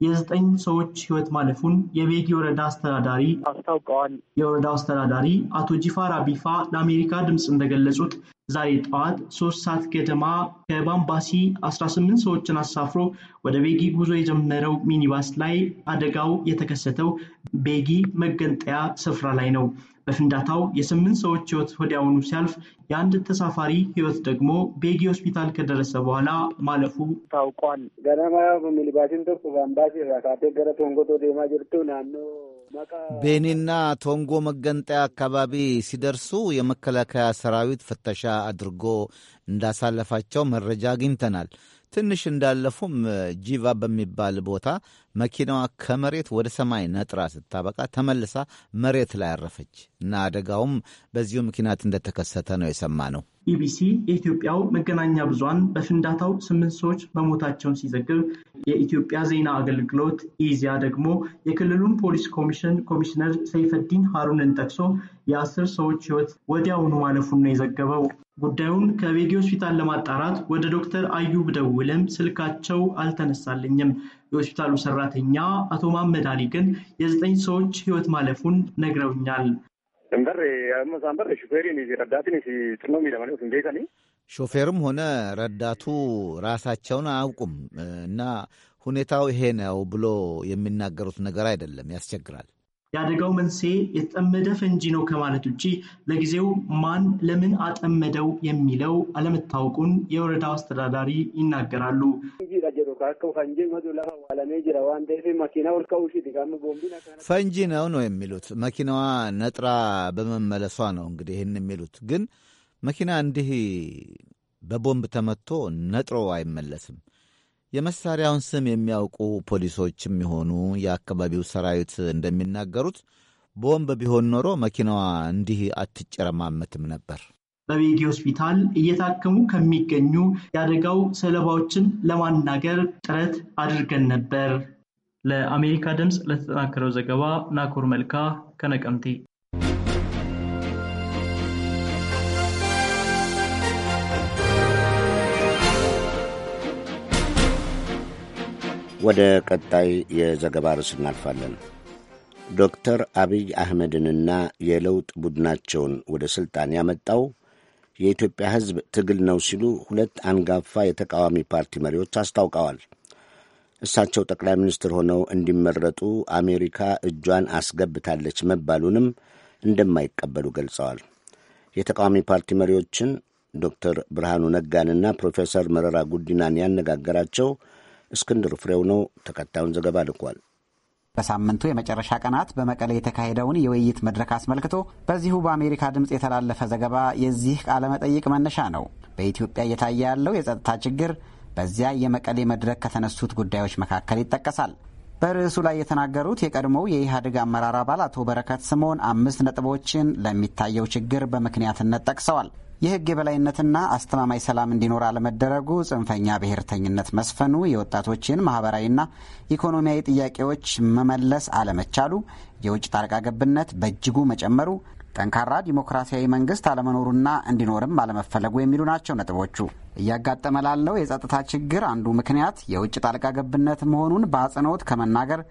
የዘጠኝ ሰዎች ህይወት ማለፉን የቤጊ ወረዳ አስተዳዳሪ አስታውቀዋል። የወረዳው አስተዳዳሪ አቶ ጂፋ ራቢፋ ለአሜሪካ ድምፅ እንደገለጹት ዛሬ ጠዋት ሶስት ሰዓት ገደማ ከባምባሲ 18 ሰዎችን አሳፍሮ ወደ ቤጊ ጉዞ የጀመረው ሚኒባስ ላይ አደጋው የተከሰተው ቤጊ መገንጠያ ስፍራ ላይ ነው። በፍንዳታው የስምንት ሰዎች ህይወት ወዲያውኑ ሲያልፍ የአንድ ተሳፋሪ ህይወት ደግሞ ቤጊ ሆስፒታል ከደረሰ በኋላ ማለፉ ታውቋል። ገደማ ሚኒባሲን ቶኮ ባምባሲ ራካቴ ገረ ዴማ ጅርቱ ናኖ ቤኒና ቶንጎ መገንጠያ አካባቢ ሲደርሱ የመከላከያ ሰራዊት ፍተሻ አድርጎ እንዳሳለፋቸው መረጃ አግኝተናል። ትንሽ እንዳለፉም ጂቫ በሚባል ቦታ መኪናዋ ከመሬት ወደ ሰማይ ነጥራ ስታበቃ ተመልሳ መሬት ላይ አረፈች እና አደጋውም በዚሁ ምክንያት እንደተከሰተ ነው ነው። ኢቢሲ የኢትዮጵያው መገናኛ ብዙሃን በፍንዳታው ስምንት ሰዎች መሞታቸውን ሲዘግብ የኢትዮጵያ ዜና አገልግሎት ኢዚያ ደግሞ የክልሉን ፖሊስ ኮሚሽን ኮሚሽነር ሰይፈዲን ሀሩንን ጠቅሶ የአስር ሰዎች ህይወት ወዲያውኑ ማለፉን ነው የዘገበው። ጉዳዩን ከቤጌ ሆስፒታል ለማጣራት ወደ ዶክተር አዩብ ደውልም ስልካቸው አልተነሳልኝም። የሆስፒታሉ ሰራተኛ አቶ ማመድ አሊ ግን የዘጠኝ ሰዎች ህይወት ማለፉን ነግረውኛል። ሾፌርም ሆነ ረዳቱ ራሳቸውን አያውቁም እና ሁኔታው ይሄ ነው ብሎ የሚናገሩት ነገር አይደለም፣ ያስቸግራል። የአደጋው መንስኤ የተጠመደ ፈንጂ ነው ከማለት ውጭ ለጊዜው ማን ለምን አጠመደው የሚለው አለመታወቁን የወረዳው አስተዳዳሪ ይናገራሉ። ፈንጂ ነው ነው የሚሉት። መኪናዋ ነጥራ በመመለሷ ነው እንግዲህ ይህን የሚሉት። ግን መኪና እንዲህ በቦምብ ተመቶ ነጥሮ አይመለስም። የመሳሪያውን ስም የሚያውቁ ፖሊሶችም የሆኑ የአካባቢው ሰራዊት እንደሚናገሩት ቦምብ ቢሆን ኖሮ መኪናዋ እንዲህ አትጨረማመትም ነበር። በቤጌ ሆስፒታል እየታከሙ ከሚገኙ የአደጋው ሰለባዎችን ለማናገር ጥረት አድርገን ነበር። ለአሜሪካ ድምፅ ለተጠናከረው ዘገባ ናኮር መልካ ከነቀምቴ። ወደ ቀጣይ የዘገባ ርዕስ እናልፋለን። ዶክተር አብይ አህመድንና የለውጥ ቡድናቸውን ወደ ሥልጣን ያመጣው የኢትዮጵያ ሕዝብ ትግል ነው ሲሉ ሁለት አንጋፋ የተቃዋሚ ፓርቲ መሪዎች አስታውቀዋል። እሳቸው ጠቅላይ ሚኒስትር ሆነው እንዲመረጡ አሜሪካ እጇን አስገብታለች መባሉንም እንደማይቀበሉ ገልጸዋል። የተቃዋሚ ፓርቲ መሪዎችን ዶክተር ብርሃኑ ነጋንና ፕሮፌሰር መረራ ጉዲናን ያነጋገራቸው እስክንድር ፍሬው ነው። ተከታዩን ዘገባ ልኳል። በሳምንቱ የመጨረሻ ቀናት በመቀሌ የተካሄደውን የውይይት መድረክ አስመልክቶ በዚሁ በአሜሪካ ድምፅ የተላለፈ ዘገባ የዚህ ቃለ መጠይቅ መነሻ ነው። በኢትዮጵያ እየታየ ያለው የጸጥታ ችግር በዚያ የመቀሌ መድረክ ከተነሱት ጉዳዮች መካከል ይጠቀሳል። በርዕሱ ላይ የተናገሩት የቀድሞው የኢህአዴግ አመራር አባል አቶ በረከት ስምኦን አምስት ነጥቦችን ለሚታየው ችግር በምክንያትነት ጠቅሰዋል። የህግ የበላይነትና አስተማማኝ ሰላም እንዲኖር አለመደረጉ፣ ጽንፈኛ ብሔርተኝነት መስፈኑ፣ የወጣቶችን ማህበራዊና ኢኮኖሚያዊ ጥያቄዎች መመለስ አለመቻሉ፣ የውጭ ጣልቃ ገብነት በእጅጉ መጨመሩ፣ ጠንካራ ዲሞክራሲያዊ መንግስት አለመኖሩና እንዲኖርም አለመፈለጉ የሚሉ ናቸው ነጥቦቹ። እያጋጠመ ላለው የጸጥታ ችግር አንዱ ምክንያት የውጭ ጣልቃ ገብነት መሆኑን በአጽንኦት ከመናገር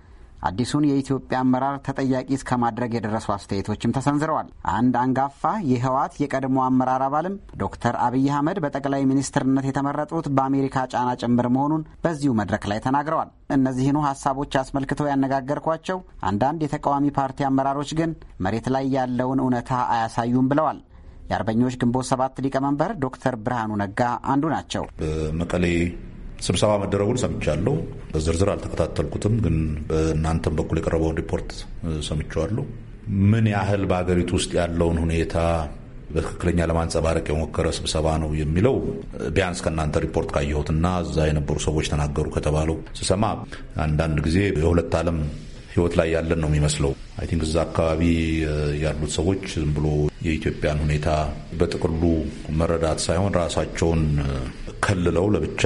አዲሱን የኢትዮጵያ አመራር ተጠያቂ እስከ ማድረግ የደረሱ አስተያየቶችም ተሰንዝረዋል። አንድ አንጋፋ የህወሓት የቀድሞ አመራር አባልም ዶክተር አብይ አህመድ በጠቅላይ ሚኒስትርነት የተመረጡት በአሜሪካ ጫና ጭምር መሆኑን በዚሁ መድረክ ላይ ተናግረዋል። እነዚህኑ ሀሳቦች አስመልክተው ያነጋገርኳቸው አንዳንድ የተቃዋሚ ፓርቲ አመራሮች ግን መሬት ላይ ያለውን እውነታ አያሳዩም ብለዋል። የአርበኞች ግንቦት ሰባት ሊቀመንበር ዶክተር ብርሃኑ ነጋ አንዱ ናቸው። በመቀሌ ስብሰባ መደረጉን ሰምቻለሁ። በዝርዝር አልተከታተልኩትም፣ ግን በእናንተም በኩል የቀረበውን ሪፖርት ሰምቸዋለሁ። ምን ያህል በሀገሪቱ ውስጥ ያለውን ሁኔታ በትክክለኛ ለማንጸባረቅ የሞከረ ስብሰባ ነው የሚለው ቢያንስ ከእናንተ ሪፖርት ካየሁትና እዛ የነበሩ ሰዎች ተናገሩ ከተባለው ስሰማ አንዳንድ ጊዜ የሁለት ዓለም ህይወት ላይ ያለን ነው የሚመስለው። አይ ቲንክ እዛ አካባቢ ያሉት ሰዎች ዝም ብሎ የኢትዮጵያን ሁኔታ በጥቅሉ መረዳት ሳይሆን ራሳቸውን ከልለው ለብቻ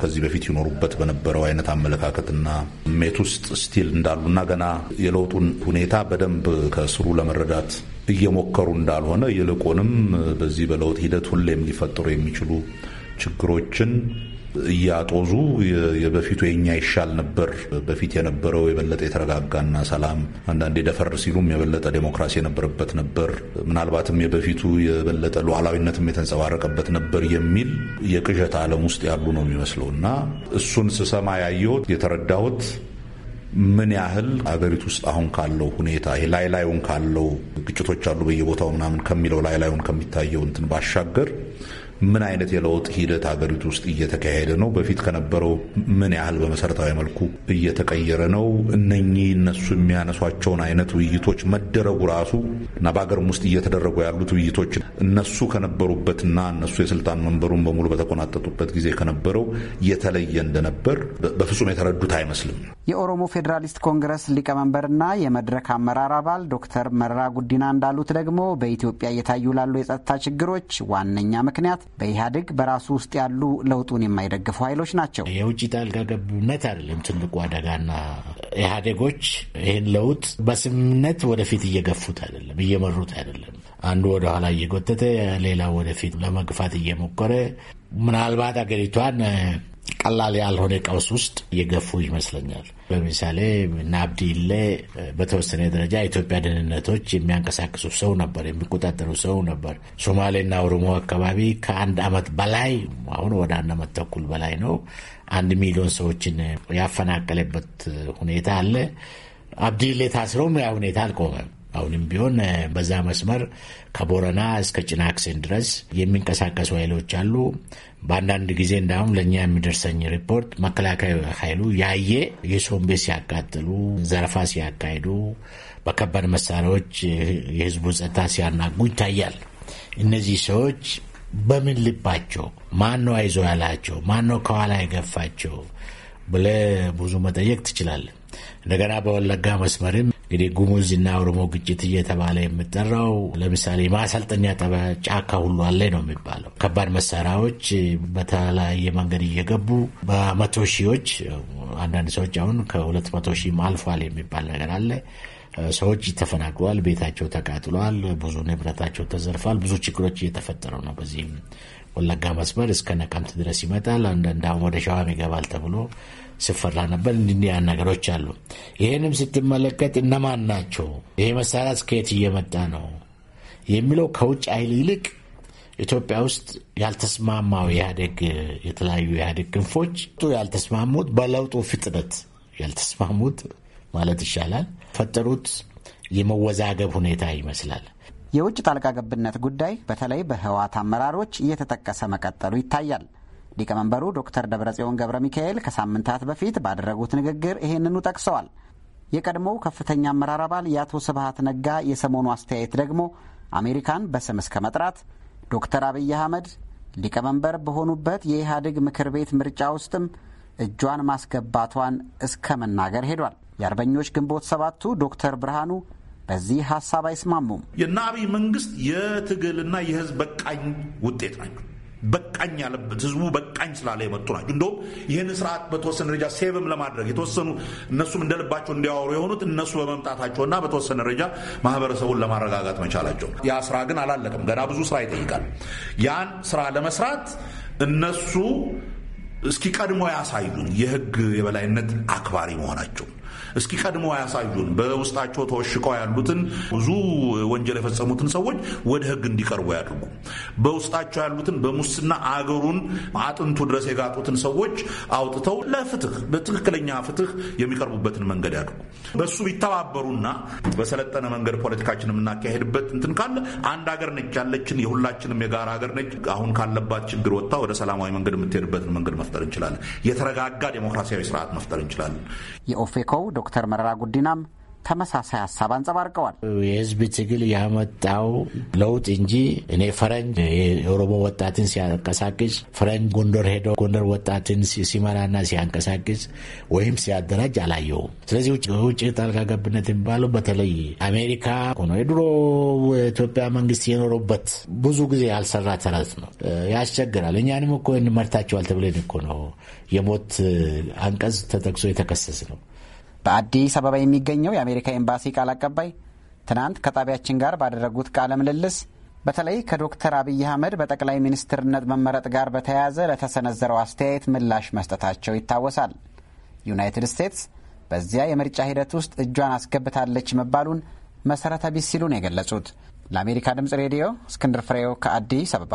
ከዚህ በፊት ይኖሩበት በነበረው አይነት አመለካከትና ሜት ውስጥ ስቲል እንዳሉና ገና የለውጡን ሁኔታ በደንብ ከስሩ ለመረዳት እየሞከሩ እንዳልሆነ ይልቁንም በዚህ በለውጥ ሂደት ሁሌም ሊፈጠሩ የሚችሉ ችግሮችን እያጦዙ የበፊቱ የኛ ይሻል ነበር፣ በፊት የነበረው የበለጠ የተረጋጋና ሰላም፣ አንዳንዴ ደፈር ሲሉም የበለጠ ዴሞክራሲ የነበረበት ነበር፣ ምናልባትም የበፊቱ የበለጠ ሉዓላዊነትም የተንጸባረቀበት ነበር የሚል የቅዠት ዓለም ውስጥ ያሉ ነው የሚመስለው እና እሱን ስሰማ ያየሁት የተረዳሁት ምን ያህል አገሪቱ ውስጥ አሁን ካለው ሁኔታ ይሄ ላይ ላዩን ካለው ግጭቶች አሉ በየቦታው ምናምን ከሚለው ላይ ላዩን ከሚታየው እንትን ባሻገር ምን አይነት የለውጥ ሂደት ሀገሪቱ ውስጥ እየተካሄደ ነው? በፊት ከነበረው ምን ያህል በመሰረታዊ መልኩ እየተቀየረ ነው? እነኚህ እነሱ የሚያነሷቸውን አይነት ውይይቶች መደረጉ ራሱ እና በሀገርም ውስጥ እየተደረጉ ያሉት ውይይቶች እነሱ ከነበሩበትና እነሱ የስልጣን መንበሩን በሙሉ በተቆናጠጡበት ጊዜ ከነበረው የተለየ እንደነበር በፍጹም የተረዱት አይመስልም። የኦሮሞ ፌዴራሊስት ኮንግረስ ሊቀመንበርና የመድረክ አመራር አባል ዶክተር መረራ ጉዲና እንዳሉት ደግሞ በኢትዮጵያ እየታዩ ላሉ የጸጥታ ችግሮች ዋነኛ ምክንያት በኢህአዴግ በራሱ ውስጥ ያሉ ለውጡን የማይደግፉ ኃይሎች ናቸው። የውጭ ጣልቃ ገብነት አይደለም ትልቁ አደጋና ኢህአዴጎች ይህን ለውጥ በስምምነት ወደፊት እየገፉት አይደለም፣ እየመሩት አይደለም። አንዱ ወደኋላ እየጎተተ ሌላ ወደፊት ለመግፋት እየሞከረ ምናልባት አገሪቷን ቀላል ያልሆነ ቀውስ ውስጥ የገፉ ይመስለኛል። ለምሳሌ ናብዲሌ በተወሰነ ደረጃ የኢትዮጵያ ደህንነቶች የሚያንቀሳቅሱ ሰው ነበር፣ የሚቆጣጠሩ ሰው ነበር። ሶማሌና ኦሮሞ አካባቢ ከአንድ ዓመት በላይ አሁን ወደ አንድ ዓመት ተኩል በላይ ነው አንድ ሚሊዮን ሰዎችን ያፈናቀለበት ሁኔታ አለ። አብዲሌ ታስረውም ያ ሁኔታ አልቆመም። አሁንም ቢሆን በዛ መስመር ከቦረና እስከ ጭናክስን ድረስ የሚንቀሳቀሱ ኃይሎች አሉ። በአንዳንድ ጊዜ እንዳሁም ለእኛ የሚደርሰኝ ሪፖርት መከላከያ ኃይሉ ያየ የሶምቤ ቤት ሲያቃጥሉ፣ ዘረፋ ሲያካሂዱ፣ በከባድ መሳሪያዎች የህዝቡ ጸጥታ ሲያናጉ ይታያል። እነዚህ ሰዎች በምን ልባቸው ማን ነው አይዞ ያላቸው? ማን ነው ከኋላ የገፋቸው ብለ ብዙ መጠየቅ ትችላለን። እንደገና በወለጋ መስመርም እንግዲህ ጉሙዝና ኦሮሞ ግጭት እየተባለ የምጠራው ለምሳሌ ማሰልጠኛ ጠበያ ጫካ ሁሉ አለ ነው የሚባለው። ከባድ መሳሪያዎች በተለያየ መንገድ እየገቡ በመቶ ሺዎች አንዳንድ ሰዎች አሁን ከሁለት መቶ ሺህም አልፏል የሚባል ነገር አለ። ሰዎች ተፈናቅለዋል። ቤታቸው ተቃጥሏል። ብዙ ንብረታቸው ተዘርፏል። ብዙ ችግሮች እየተፈጠሩ ነው። በዚህም ወለጋ መስመር እስከ ነቀምት ድረስ ይመጣል። አንዳንድ አሁን ወደ ሸዋም ይገባል ተብሎ ስፈራ ነበር። እንዲያ ነገሮች አሉ። ይህንም ስትመለከት እነማን ናቸው፣ ይሄ መሳሪያ እስከየት እየመጣ ነው የሚለው ከውጭ ኃይል ይልቅ ኢትዮጵያ ውስጥ ያልተስማማው ኢህአዴግ የተለያዩ ኢህአዴግ ክንፎች ያልተስማሙት በለውጡ ፍጥነት ያልተስማሙት ማለት ይሻላል ፈጠሩት የመወዛገብ ሁኔታ ይመስላል። የውጭ ጣልቃ ገብነት ጉዳይ በተለይ በህወሓት አመራሮች እየተጠቀሰ መቀጠሉ ይታያል። ሊቀመንበሩ ዶክተር ደብረጽዮን ገብረ ሚካኤል ከሳምንታት በፊት ባደረጉት ንግግር ይህንኑ ጠቅሰዋል። የቀድሞው ከፍተኛ አመራር አባል የአቶ ስብሃት ነጋ የሰሞኑ አስተያየት ደግሞ አሜሪካን በስም እስከ መጥራት ዶክተር አብይ አህመድ ሊቀመንበር በሆኑበት የኢህአዴግ ምክር ቤት ምርጫ ውስጥም እጇን ማስገባቷን እስከ መናገር ሄዷል። የአርበኞች ግንቦት ሰባቱ ዶክተር ብርሃኑ በዚህ ሀሳብ አይስማሙም። የእነ መንግስት የትግልና የህዝብ በቃኝ ውጤት ናቸው በቃኝ ያለበት ህዝቡ በቃኝ ስላለ የመጡ ናቸው። እንደውም ይህን ስርዓት በተወሰነ ደረጃ ሴቭም ለማድረግ የተወሰኑ እነሱም እንደልባቸው እንዲያወሩ የሆኑት እነሱ በመምጣታቸውና በተወሰነ ደረጃ ማህበረሰቡን ለማረጋጋት መቻላቸው። ያ ስራ ግን አላለቅም። ገና ብዙ ስራ ይጠይቃል። ያን ስራ ለመስራት እነሱ እስኪ ቀድሞ ያሳዩን የህግ የበላይነት አክባሪ መሆናቸው እስኪ ቀድሞ አያሳዩን፣ በውስጣቸው ተወሽቀው ያሉትን ብዙ ወንጀል የፈጸሙትን ሰዎች ወደ ህግ እንዲቀርቡ ያድርጉ። በውስጣቸው ያሉትን በሙስና አገሩን አጥንቱ ድረስ የጋጡትን ሰዎች አውጥተው ለፍትህ በትክክለኛ ፍትህ የሚቀርቡበትን መንገድ ያድርጉ። በሱ ቢተባበሩና በሰለጠነ መንገድ ፖለቲካችን የምናካሄድበት እንትን ካለ አንድ ሀገር ነች ያለችን የሁላችንም የጋራ ሀገር ነች። አሁን ካለባት ችግር ወጥታ ወደ ሰላማዊ መንገድ የምትሄድበትን መንገድ መፍጠር እንችላለን። የተረጋጋ ዴሞክራሲያዊ ስርዓት መፍጠር እንችላለን። የኦፌኮው ዶክተር መረራ ጉዲናም ተመሳሳይ ሀሳብ አንጸባርቀዋል። የህዝብ ትግል ያመጣው ለውጥ እንጂ እኔ ፈረንጅ የኦሮሞ ወጣትን ሲያንቀሳቅስ ፈረንጅ ጎንደር ሄዶ ጎንደር ወጣትን ሲመራና ሲያንቀሳቅስ ወይም ሲያደራጅ አላየውም። ስለዚህ ውጭ ጣልቃ ገብነት የሚባለው በተለይ አሜሪካ ሆኖ የድሮ ኢትዮጵያ መንግስት የኖረበት ብዙ ጊዜ ያልሰራ ተረት ነው፣ ያስቸግራል። እኛንም እኮ እንመርታቸዋል ተብለን እኮ ነው የሞት አንቀጽ ተጠቅሶ የተከሰስ ነው በአዲስ አበባ የሚገኘው የአሜሪካ ኤምባሲ ቃል አቀባይ ትናንት ከጣቢያችን ጋር ባደረጉት ቃለ ምልልስ በተለይ ከዶክተር አብይ አህመድ በጠቅላይ ሚኒስትርነት መመረጥ ጋር በተያያዘ ለተሰነዘረው አስተያየት ምላሽ መስጠታቸው ይታወሳል። ዩናይትድ ስቴትስ በዚያ የምርጫ ሂደት ውስጥ እጇን አስገብታለች መባሉን መሰረተ ቢስ ሲሉ ነው የገለጹት። ለአሜሪካ ድምፅ ሬዲዮ እስክንድር ፍሬው ከአዲስ አበባ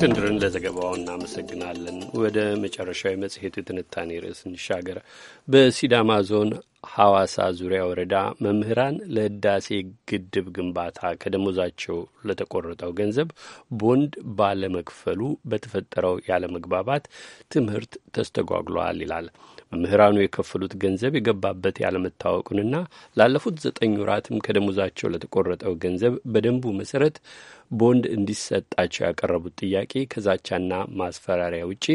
እስክንድርን ለዘገባው እናመሰግናለን። ወደ መጨረሻዊ መጽሔቱ የትንታኔ ርዕስ እንሻገር። በሲዳማ ዞን ሐዋሳ ዙሪያ ወረዳ መምህራን ለህዳሴ ግድብ ግንባታ ከደሞዛቸው ለተቆረጠው ገንዘብ ቦንድ ባለመክፈሉ በተፈጠረው ያለመግባባት ትምህርት ተስተጓጉሏል ይላል። መምህራኑ የከፈሉት ገንዘብ የገባበት ያለመታወቁንና ላለፉት ዘጠኝ ወራትም ከደሞዛቸው ለተቆረጠው ገንዘብ በደንቡ መሰረት ቦንድ እንዲሰጣቸው ያቀረቡት ጥያቄ ከዛቻና ማስፈራሪያ ውጪ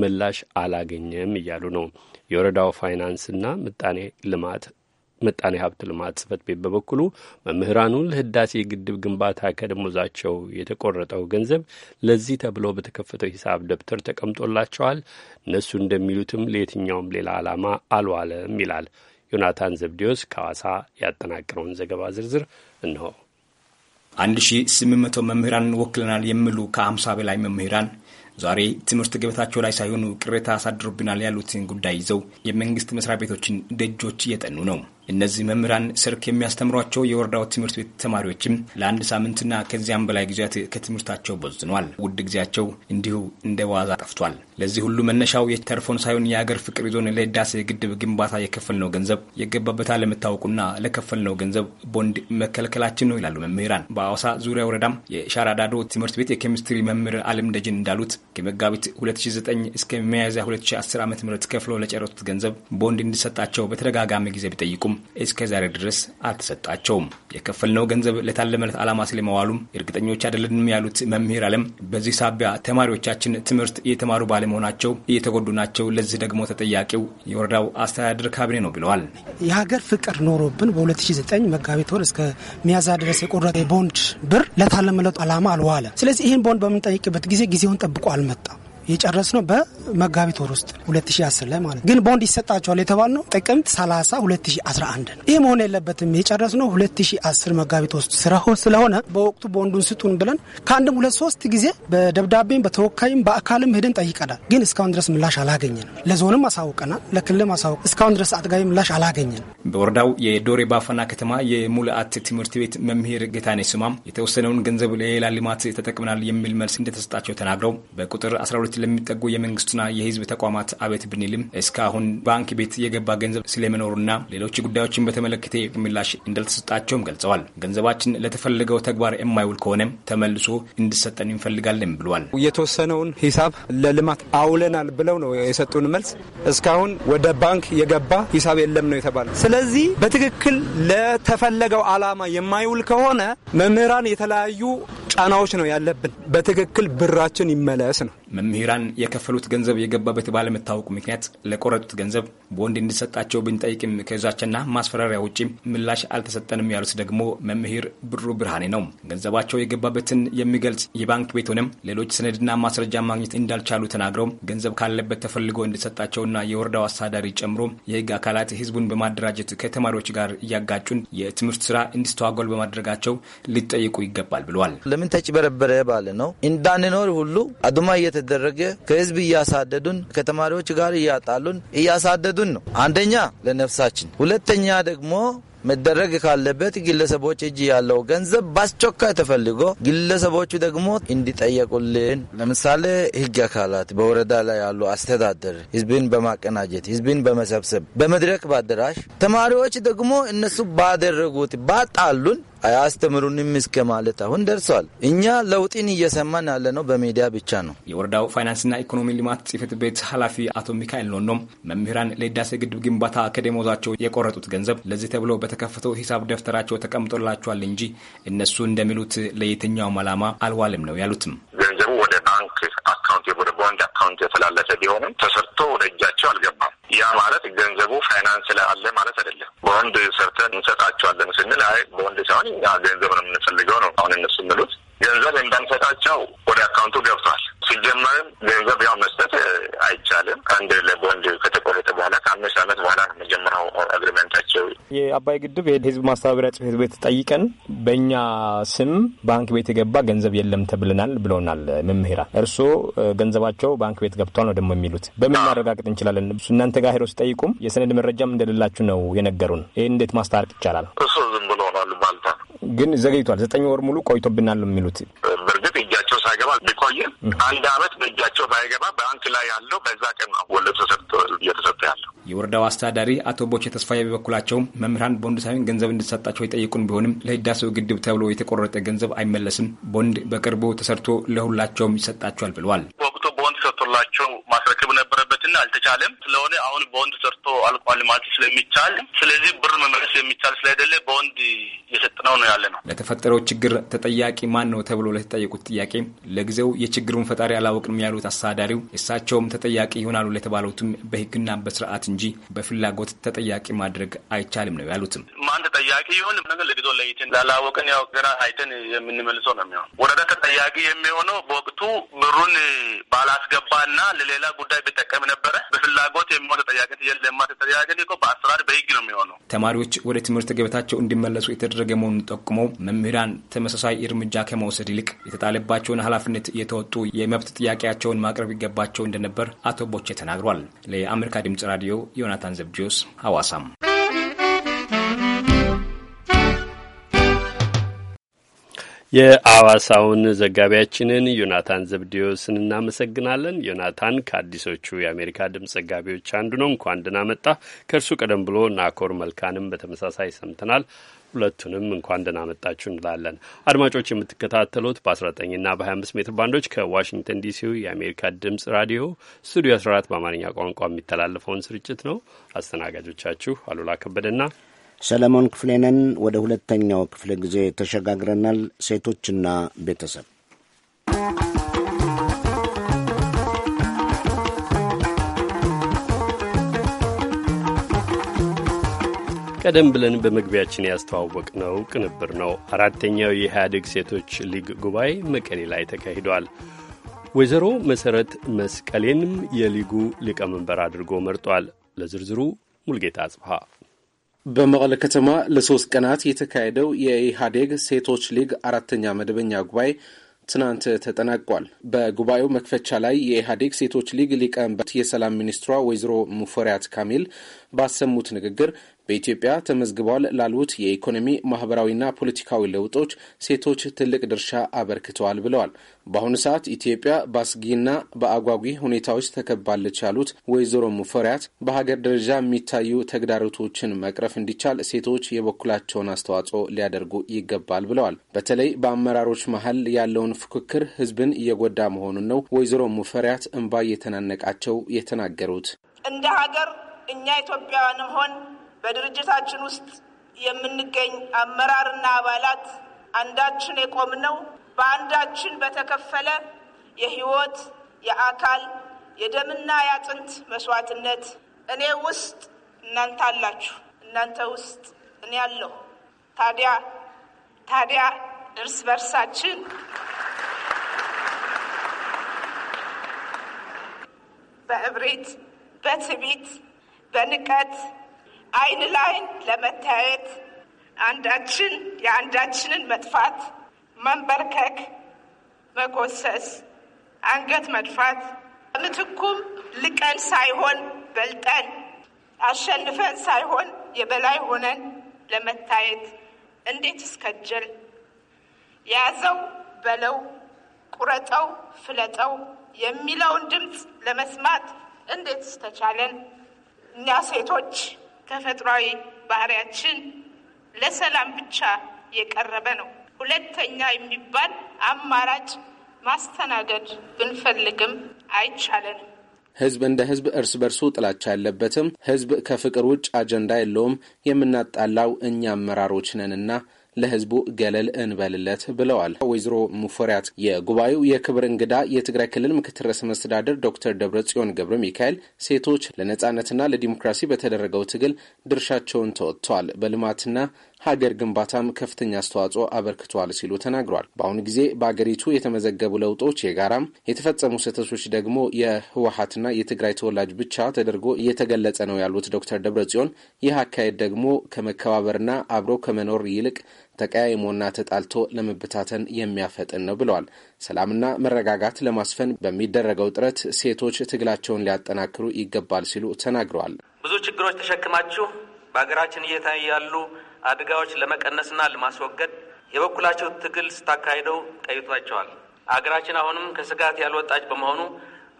ምላሽ አላገኘም እያሉ ነው። የወረዳው ፋይናንስና ምጣኔ ልማት ምጣኔ ሀብት ልማት ጽህፈት ቤት በበኩሉ መምህራኑ ለህዳሴ ግድብ ግንባታ ከደሞዛቸው የተቆረጠው ገንዘብ ለዚህ ተብሎ በተከፈተው ሂሳብ ደብተር ተቀምጦላቸዋል፣ እነሱ እንደሚሉትም ለየትኛውም ሌላ ዓላማ አልዋለም ይላል። ዮናታን ዘብዴዎስ ከሐዋሳ ያጠናቀረውን ዘገባ ዝርዝር እንሆ። 1800 መምህራንን ወክለናል የሚሉ ከ50 በላይ መምህራን ዛሬ ትምህርት ገበታቸው ላይ ሳይሆኑ ቅሬታ አሳድሮብናል ያሉትን ጉዳይ ይዘው የመንግስት መስሪያ ቤቶችን ደጆች እየጠኑ ነው። እነዚህ መምህራን ሰርክ የሚያስተምሯቸው የወረዳው ትምህርት ቤት ተማሪዎችም ለአንድ ሳምንትና ከዚያም በላይ ጊዜያት ከትምህርታቸው በዝኗል። ውድ ጊዜያቸው እንዲሁ እንደ ዋዛ ጠፍቷል። ለዚህ ሁሉ መነሻው የተርፎን ሳይሆን የአገር ፍቅር ይዞን ለህዳሴ ግድብ ግንባታ የከፈልነው ገንዘብ የገባበት አለመታወቁና ለከፈልነው ገንዘብ ቦንድ መከልከላችን ነው ይላሉ መምህራን። በአዋሳ ዙሪያ ወረዳም የሻራዳዶ ትምህርት ቤት የኬሚስትሪ መምህር አለም ደጅን እንዳሉት ከመጋቢት 2009 እስከ ሚያዝያ 2010 ዓ ም ከፍለው ለጨረቱት ገንዘብ ቦንድ እንዲሰጣቸው በተደጋጋሚ ጊዜ ቢጠይቁም እስከ ዛሬ ድረስ አልተሰጣቸውም። የከፈልነው ገንዘብ ለታለመለት ዓላማ ስለመዋሉም እርግጠኞች አይደለንም ያሉት መምህር አለም በዚህ ሳቢያ ተማሪዎቻችን ትምህርት እየተማሩ ባለመሆናቸው እየተጎዱ ናቸው። ለዚህ ደግሞ ተጠያቂው የወረዳው አስተዳደር ካቢኔ ነው ብለዋል። የሀገር ፍቅር ኖሮብን በ2009 መጋቢት ወር እስከ ሚያዝያ ድረስ የቆረጠ የቦንድ ብር ለታለመለት ዓላማ አልዋለ። ስለዚህ ይህን ቦንድ በምንጠይቅበት ጊዜ ጊዜውን ጠብቆ አልመጣም። የጨረስነው በመጋቢት ወር ውስጥ 2010 ላይ ማለት ግን ቦንድ ይሰጣቸዋል የተባልነው ጥቅምት 30 2011 ነው። ይህ መሆን የለበትም። የጨረስነው 2010 መጋቢት ውስጥ ስለሆነ በወቅቱ ቦንዱን ስጡን ብለን ከአንድም ሁለት ሶስት ጊዜ በደብዳቤም በተወካይም በአካልም ሄደን ጠይቀናል። ግን እስካሁን ድረስ ምላሽ አላገኘንም። ለዞንም አሳውቀናል፣ ለክልልም አሳውቅ እስካሁን ድረስ አጥጋቢ ምላሽ አላገኘንም። በወረዳው የዶሬ ባፈና ከተማ የሙልአት ትምህርት ቤት መምህር ጌታኔ ስማም የተወሰነውን ገንዘብ ለሌላ ልማት ተጠቅመናል የሚል መልስ እንደተሰጣቸው ተናግረው በቁጥር 12 ሺዎች ለሚጠጉ የመንግስቱና የህዝብ ተቋማት አቤት ብንልም እስካሁን ባንክ ቤት የገባ ገንዘብ ስለመኖሩና ሌሎች ጉዳዮችን በተመለከተ ምላሽ እንዳልተሰጣቸውም ገልጸዋል። ገንዘባችን ለተፈለገው ተግባር የማይውል ከሆነም ተመልሶ እንዲሰጠን እንፈልጋለን ብለዋል። የተወሰነውን ሂሳብ ለልማት አውለናል ብለው ነው የሰጡን መልስ። እስካሁን ወደ ባንክ የገባ ሂሳብ የለም ነው የተባለ። ስለዚህ በትክክል ለተፈለገው አላማ የማይውል ከሆነ መምህራን የተለያዩ ጫናዎች ነው ያለብን። በትክክል ብራችን ይመለስ ነው። ኢራን የከፈሉት ገንዘብ የገባበት ባለመታወቁ ምክንያት ለቆረጡት ገንዘብ ቦንድ እንዲሰጣቸው ብንጠይቅም ከዛቻና ማስፈራሪያ ውጪ ምላሽ አልተሰጠንም ያሉት ደግሞ መምህር ብሩ ብርሃኔ ነው። ገንዘባቸው የገባበትን የሚገልጽ የባንክ ቤት ሌሎች ሰነድና ማስረጃ ማግኘት እንዳልቻሉ ተናግረው ገንዘብ ካለበት ተፈልጎ እንዲሰጣቸውና የወረዳው አስተዳዳሪ ጨምሮ የህግ አካላት ህዝቡን በማደራጀት ከተማሪዎች ጋር እያጋጩን የትምህርት ስራ እንዲስተዋጎል በማድረጋቸው ሊጠየቁ ይገባል ብለዋል። ለምን ተጭበረበረ ባለ ነው እንዳንኖር ሁሉ አድማ እየተደረገ እያደረገ ከህዝብ እያሳደዱን ከተማሪዎች ጋር እያጣሉን እያሳደዱን ነው። አንደኛ ለነፍሳችን፣ ሁለተኛ ደግሞ መደረግ ካለበት ግለሰቦች እጅ ያለው ገንዘብ በአስቸኳይ ተፈልጎ ግለሰቦቹ ደግሞ እንዲጠየቁልን፣ ለምሳሌ ህግ አካላት በወረዳ ላይ ያሉ አስተዳደር ህዝብን በማቀናጀት ህዝብን በመሰብሰብ በመድረክ በአደራሽ ተማሪዎች ደግሞ እነሱ ባደረጉት ባጣሉን አያስተምሩንም እስከ ማለት አሁን ደርሷል። እኛ ለውጥን እየሰማን ያለ ነው በሚዲያ ብቻ ነው። የወረዳው ፋይናንስና ኢኮኖሚ ልማት ጽህፈት ቤት ኃላፊ አቶ ሚካኤል ኖኖም መምህራን ለህዳሴ ግድብ ግንባታ ከደሞዛቸው የቆረጡት ገንዘብ ለዚህ ተብሎ በተ ተከፍተው ሂሳብ ደብተራቸው ተቀምጦላቸዋል እንጂ እነሱ እንደሚሉት ለየትኛውም ዓላማ አልዋልም ነው ያሉትም። ገንዘቡ ወደ ባንክ አካውንት ወደ ቦንድ አካውንት የተላለፈ ቢሆንም ተሰርቶ ወደ እጃቸው አልገባም። ያ ማለት ገንዘቡ ፋይናንስ ላይ አለ ማለት አይደለም። ቦንድ ሰርተን እንሰጣቸዋለን ስንል አይ ቦንድ ሳይሆን ገንዘብ ነው የምንፈልገው ነው አሁን እነሱ የሚሉት ገንዘብ እንዳንሰጣቸው ወደ አካውንቱ ገብቷል። ሲጀመርም ገንዘብ ያው መስጠት አይቻልም። አንድ ለቦንድ ከተቆረጠ በኋላ ከአምስት ዓመት በኋላ ነው መጀመሪያው አግሪመንታቸው። የአባይ ግድብ የህዝብ ማስተባበሪያ ጽሕፈት ቤት ጠይቀን በእኛ ስም ባንክ ቤት የገባ ገንዘብ የለም ተብለናል ብለውናል መምህራን። እርስዎ ገንዘባቸው ባንክ ቤት ገብቷል ነው ደግሞ የሚሉት በምን ማረጋገጥ እንችላለን? እናንተ ጋር ሄዶ ሲጠይቁም የሰነድ መረጃም እንደሌላችሁ ነው የነገሩን። ይህን እንዴት ማስታረቅ ይቻላል? እሱ ዝም ብሎ ነው ልባልታ ግን ዘግይቷል። ዘጠኝ ወር ሙሉ ቆይቶብናል የሚሉት በእርግጥ እጃቸው ሳይገባ ቢቆይም አንድ አመት በእጃቸው ሳይገባ ባንክ ላይ ያለው በዛ ቀን ወለድ እየተሰጠ ያለው የወረዳው አስተዳዳሪ አቶ ቦቼ ተስፋዬ በበኩላቸው መምህራን ቦንድ ሳይሆን ገንዘብ እንዲሰጣቸው የጠየቁን ቢሆንም ለህዳሴው ግድብ ተብሎ የተቆረጠ ገንዘብ አይመለስም፣ ቦንድ በቅርቡ ተሰርቶ ለሁላቸውም ይሰጣቸዋል ብለዋል። አልቻለም። ስለሆነ አሁን በወንድ ሰርቶ አልቋል ማለት ስለሚቻል ስለዚህ ብር መመለስ የሚቻል ስለአይደለ በወንድ እየሰጠነው ነው ያለ ነው። ለተፈጠረው ችግር ተጠያቂ ማን ነው ተብሎ ለተጠየቁት ጥያቄ ለጊዜው የችግሩን ፈጣሪ አላወቅንም ያሉት አስተዳዳሪው እሳቸውም ተጠያቂ ይሆናሉ ለተባሉትም በህግና በስርዓት እንጂ በፍላጎት ተጠያቂ ማድረግ አይቻልም ነው ያሉትም። ማን ተጠያቂ ይሁን ነገር ለጊዜው ለይትን ላላወቅን ያው ገና አይተን የምንመልሰው ነው የሚሆነው። ወረዳ ተጠያቂ የሚሆነው በወቅቱ ብሩን ባላስገባና ለሌላ ጉዳይ ቢጠቀም ነበረ ፍላጎት የሚሆን ተጠያቂነት የለም። ተጠያቂነት እኮ በአሰራር በህግ ነው የሚሆነው። ተማሪዎች ወደ ትምህርት ገበታቸው እንዲመለሱ የተደረገ መሆኑን ጠቁመው መምህራን ተመሳሳይ እርምጃ ከመውሰድ ይልቅ የተጣለባቸውን ኃላፊነት የተወጡ የመብት ጥያቄያቸውን ማቅረብ ይገባቸው እንደነበር አቶ ቦቼ ተናግሯል። ለአሜሪካ ድምጽ ራዲዮ ዮናታን ዘብጆስ ሐዋሳም የአዋሳውን ዘጋቢያችንን ዮናታን ዘብዲዮስን እናመሰግናለን። ዮናታን ከአዲሶቹ የአሜሪካ ድምፅ ዘጋቢዎች አንዱ ነው። እንኳን ደህና መጣ። ከእርሱ ቀደም ብሎ ናኮር መልካንም በተመሳሳይ ሰምተናል። ሁለቱንም እንኳን ደህና መጣችሁ እንላለን። አድማጮች የምትከታተሉት በ19ና በ25 ሜትር ባንዶች ከዋሽንግተን ዲሲው የአሜሪካ ድምፅ ራዲዮ ስቱዲዮ 14 በአማርኛ ቋንቋ የሚተላለፈውን ስርጭት ነው። አስተናጋጆቻችሁ አሉላ ከበደና ሰለሞን ክፍሌነን። ወደ ሁለተኛው ክፍለ ጊዜ ተሸጋግረናል። ሴቶችና ቤተሰብ ቀደም ብለን በመግቢያችን ያስተዋወቅ ነው ቅንብር ነው። አራተኛው የኢህአዴግ ሴቶች ሊግ ጉባኤ መቀሌ ላይ ተካሂዷል። ወይዘሮ መሠረት መስቀሌንም የሊጉ ሊቀመንበር አድርጎ መርጧል። ለዝርዝሩ ሙልጌታ አጽብሃ በመቀለ ከተማ ለሶስት ቀናት የተካሄደው የኢህአዴግ ሴቶች ሊግ አራተኛ መደበኛ ጉባኤ ትናንት ተጠናቋል። በጉባኤው መክፈቻ ላይ የኢህአዴግ ሴቶች ሊግ ሊቀመንበር የሰላም ሚኒስትሯ ወይዘሮ ሙፈሪያት ካሚል ባሰሙት ንግግር በኢትዮጵያ ተመዝግበዋል ላሉት የኢኮኖሚ ማህበራዊና ፖለቲካዊ ለውጦች ሴቶች ትልቅ ድርሻ አበርክተዋል ብለዋል። በአሁኑ ሰዓት ኢትዮጵያ በአስጊና በአጓጊ ሁኔታዎች ተከባለች ያሉት ወይዘሮ ሙፈሪያት በሀገር ደረጃ የሚታዩ ተግዳሮቶችን መቅረፍ እንዲቻል ሴቶች የበኩላቸውን አስተዋጽኦ ሊያደርጉ ይገባል ብለዋል። በተለይ በአመራሮች መሀል ያለውን ፉክክር ህዝብን እየጎዳ መሆኑን ነው ወይዘሮ ሙፈሪያት እንባ እየተናነቃቸው የተናገሩት። እንደ ሀገር እኛ ኢትዮጵያውያንም ሆን በድርጅታችን ውስጥ የምንገኝ አመራርና አባላት አንዳችን የቆምነው በአንዳችን በተከፈለ የህይወት፣ የአካል፣ የደምና የአጥንት መስዋዕትነት እኔ ውስጥ እናንተ አላችሁ፣ እናንተ ውስጥ እኔ አለሁ። ታዲያ ታዲያ እርስ በርሳችን በእብሪት፣ በትዕቢት፣ በንቀት አይን ላይን ለመታየት አንዳችን የአንዳችንን መጥፋት፣ መንበርከክ፣ መኮሰስ፣ አንገት መድፋት ምትኩም ልቀን ሳይሆን በልጠን አሸንፈን ሳይሆን የበላይ ሆነን ለመታየት እንዴት እስከጀል የያዘው በለው ቁረጠው ፍለጠው የሚለውን ድምፅ ለመስማት እንዴት ስተቻለን እኛ ሴቶች ተፈጥሯዊ ባህሪያችን ለሰላም ብቻ የቀረበ ነው። ሁለተኛ የሚባል አማራጭ ማስተናገድ ብንፈልግም አይቻለንም። ህዝብ እንደ ህዝብ እርስ በርሱ ጥላቻ ያለበትም፣ ህዝብ ከፍቅር ውጭ አጀንዳ የለውም። የምናጣላው እኛ አመራሮች ነንና ለህዝቡ ገለል እንበልለት ብለዋል። ወይዘሮ ሙፈሪያት የጉባኤው የክብር እንግዳ የትግራይ ክልል ምክትል ርዕሰ መስተዳደር ዶክተር ደብረ ጽዮን ገብረ ሚካኤል ሴቶች ለነጻነትና ለዲሞክራሲ በተደረገው ትግል ድርሻቸውን ተወጥተዋል፣ በልማትና ሀገር ግንባታም ከፍተኛ አስተዋጽኦ አበርክተዋል ሲሉ ተናግሯል። በአሁኑ ጊዜ በአገሪቱ የተመዘገቡ ለውጦች የጋራም የተፈጸሙ ስህተቶች ደግሞ የህወሀትና የትግራይ ተወላጅ ብቻ ተደርጎ እየተገለጸ ነው ያሉት ዶክተር ደብረ ጽዮን ይህ አካሄድ ደግሞ ከመከባበርና አብሮ ከመኖር ይልቅ ተቀያይሞና ተጣልቶ ለመበታተን የሚያፈጥን ነው ብለዋል። ሰላምና መረጋጋት ለማስፈን በሚደረገው ጥረት ሴቶች ትግላቸውን ሊያጠናክሩ ይገባል ሲሉ ተናግረዋል። ብዙ ችግሮች ተሸክማችሁ በሀገራችን እየታዩ ያሉ አደጋዎች ለመቀነስና ለማስወገድ የበኩላቸው ትግል ስታካሂደው ቀይቷቸዋል። አገራችን አሁንም ከስጋት ያልወጣች በመሆኑ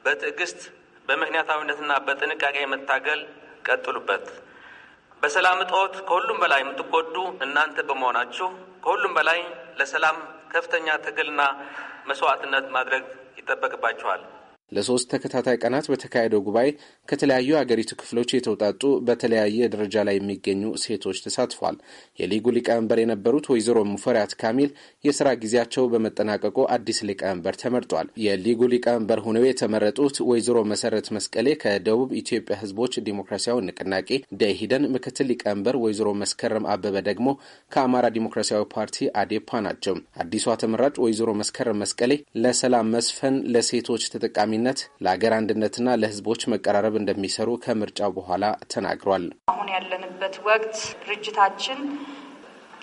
በትዕግስት በምክንያታዊነትና በጥንቃቄ መታገል ቀጥሉበት። በሰላም እጦት ከሁሉም በላይ የምትጎዱ እናንተ በመሆናችሁ ከሁሉም በላይ ለሰላም ከፍተኛ ትግልና መስዋዕትነት ማድረግ ይጠበቅባችኋል። ለሶስት ተከታታይ ቀናት በተካሄደው ጉባኤ ከተለያዩ አገሪቱ ክፍሎች የተውጣጡ በተለያየ ደረጃ ላይ የሚገኙ ሴቶች ተሳትፏል። የሊጉ ሊቀመንበር የነበሩት ወይዘሮ ሙፈሪያት ካሚል የስራ ጊዜያቸው በመጠናቀቁ አዲስ ሊቀመንበር ተመርጧል። የሊጉ ሊቀመንበር ሆነው የተመረጡት ወይዘሮ መሰረት መስቀሌ ከደቡብ ኢትዮጵያ ህዝቦች ዲሞክራሲያዊ ንቅናቄ ደኢህዴን፣ ምክትል ሊቀመንበር ወይዘሮ መስከረም አበበ ደግሞ ከአማራ ዲሞክራሲያዊ ፓርቲ አዴፓ ናቸው። አዲሷ ተመራጭ ወይዘሮ መስከረም መስቀሌ ለሰላም መስፈን፣ ለሴቶች ተጠቃሚነት፣ ለአገር አንድነትና ለህዝቦች መቀራረብ እንደሚሰሩ ከምርጫው በኋላ ተናግሯል። አሁን ያለንበት ወቅት ድርጅታችን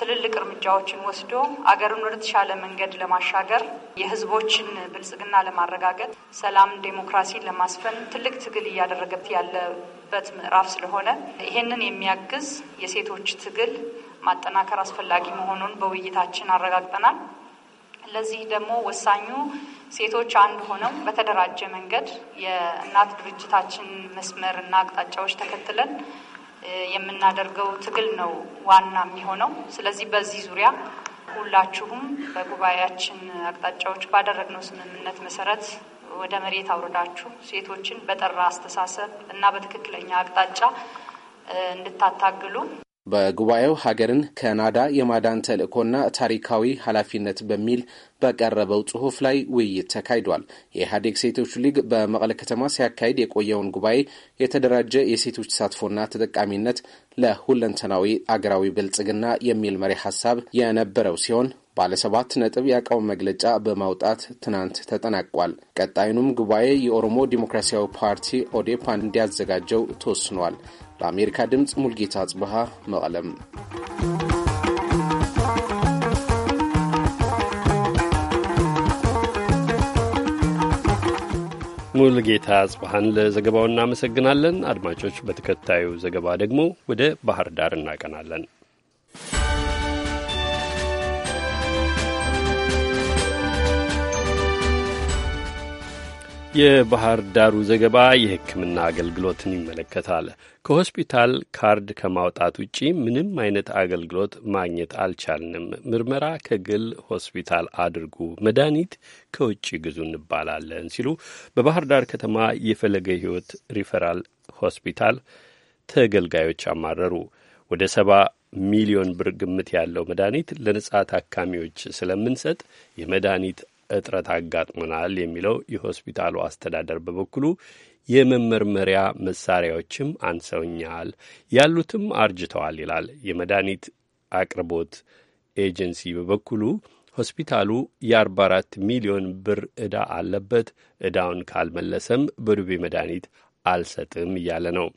ትልልቅ እርምጃዎችን ወስዶ አገርን ወደ ተሻለ መንገድ ለማሻገር የህዝቦችን ብልጽግና ለማረጋገጥ ሰላም፣ ዴሞክራሲን ለማስፈን ትልቅ ትግል እያደረገበት ያለበት ምዕራፍ ስለሆነ ይሄንን የሚያግዝ የሴቶች ትግል ማጠናከር አስፈላጊ መሆኑን በውይይታችን አረጋግጠናል። ለዚህ ደግሞ ወሳኙ ሴቶች አንድ ሆነው በተደራጀ መንገድ የእናት ድርጅታችን እና አቅጣጫዎች ተከትለን የምናደርገው ትግል ነው ዋና የሚሆነው። ስለዚህ በዚህ ዙሪያ ሁላችሁም በጉባኤያችን አቅጣጫዎች ባደረግነው ስምምነት መሰረት ወደ መሬት አውርዳችሁ ሴቶችን በጠራ አስተሳሰብ እና በትክክለኛ አቅጣጫ እንድታታግሉ በጉባኤው ሀገርን ከናዳ የማዳን ተልእኮና ታሪካዊ ኃላፊነት በሚል በቀረበው ጽሑፍ ላይ ውይይት ተካሂዷል። የኢህአዴግ ሴቶች ሊግ በመቀለ ከተማ ሲያካሂድ የቆየውን ጉባኤ የተደራጀ የሴቶች ተሳትፎና ተጠቃሚነት ለሁለንተናዊ አገራዊ ብልጽግና የሚል መሪ ሀሳብ የነበረው ሲሆን ባለሰባት ነጥብ የአቋም መግለጫ በማውጣት ትናንት ተጠናቋል። ቀጣዩንም ጉባኤ የኦሮሞ ዴሞክራሲያዊ ፓርቲ ኦዴፓ እንዲያዘጋጀው ተወስኗል። ለአሜሪካ ድምፅ ሙልጌታ አጽብሃ መቀለም። ሙልጌታ አጽብሃን ለዘገባው እናመሰግናለን። አድማጮች፣ በተከታዩ ዘገባ ደግሞ ወደ ባህር ዳር እናቀናለን። የባህር ዳሩ ዘገባ የሕክምና አገልግሎትን ይመለከታል። ከሆስፒታል ካርድ ከማውጣት ውጪ ምንም አይነት አገልግሎት ማግኘት አልቻልንም። ምርመራ ከግል ሆስፒታል አድርጉ፣ መድኃኒት ከውጭ ግዙ እንባላለን ሲሉ በባህር ዳር ከተማ የፈለገ ሕይወት ሪፈራል ሆስፒታል ተገልጋዮች አማረሩ። ወደ ሰባ ሚሊዮን ብር ግምት ያለው መድኃኒት ለነጻ ታካሚዎች ስለምንሰጥ የመድኃኒት እጥረት አጋጥሞናል የሚለው የሆስፒታሉ አስተዳደር በበኩሉ የመመርመሪያ መሳሪያዎችም አንሰውኛል፣ ያሉትም አርጅተዋል ይላል። የመድኃኒት አቅርቦት ኤጀንሲ በበኩሉ ሆስፒታሉ የ44 ሚሊዮን ብር ዕዳ አለበት፣ ዕዳውን ካልመለሰም በዱቤ መድኃኒት አልሰጥም እያለ ነው።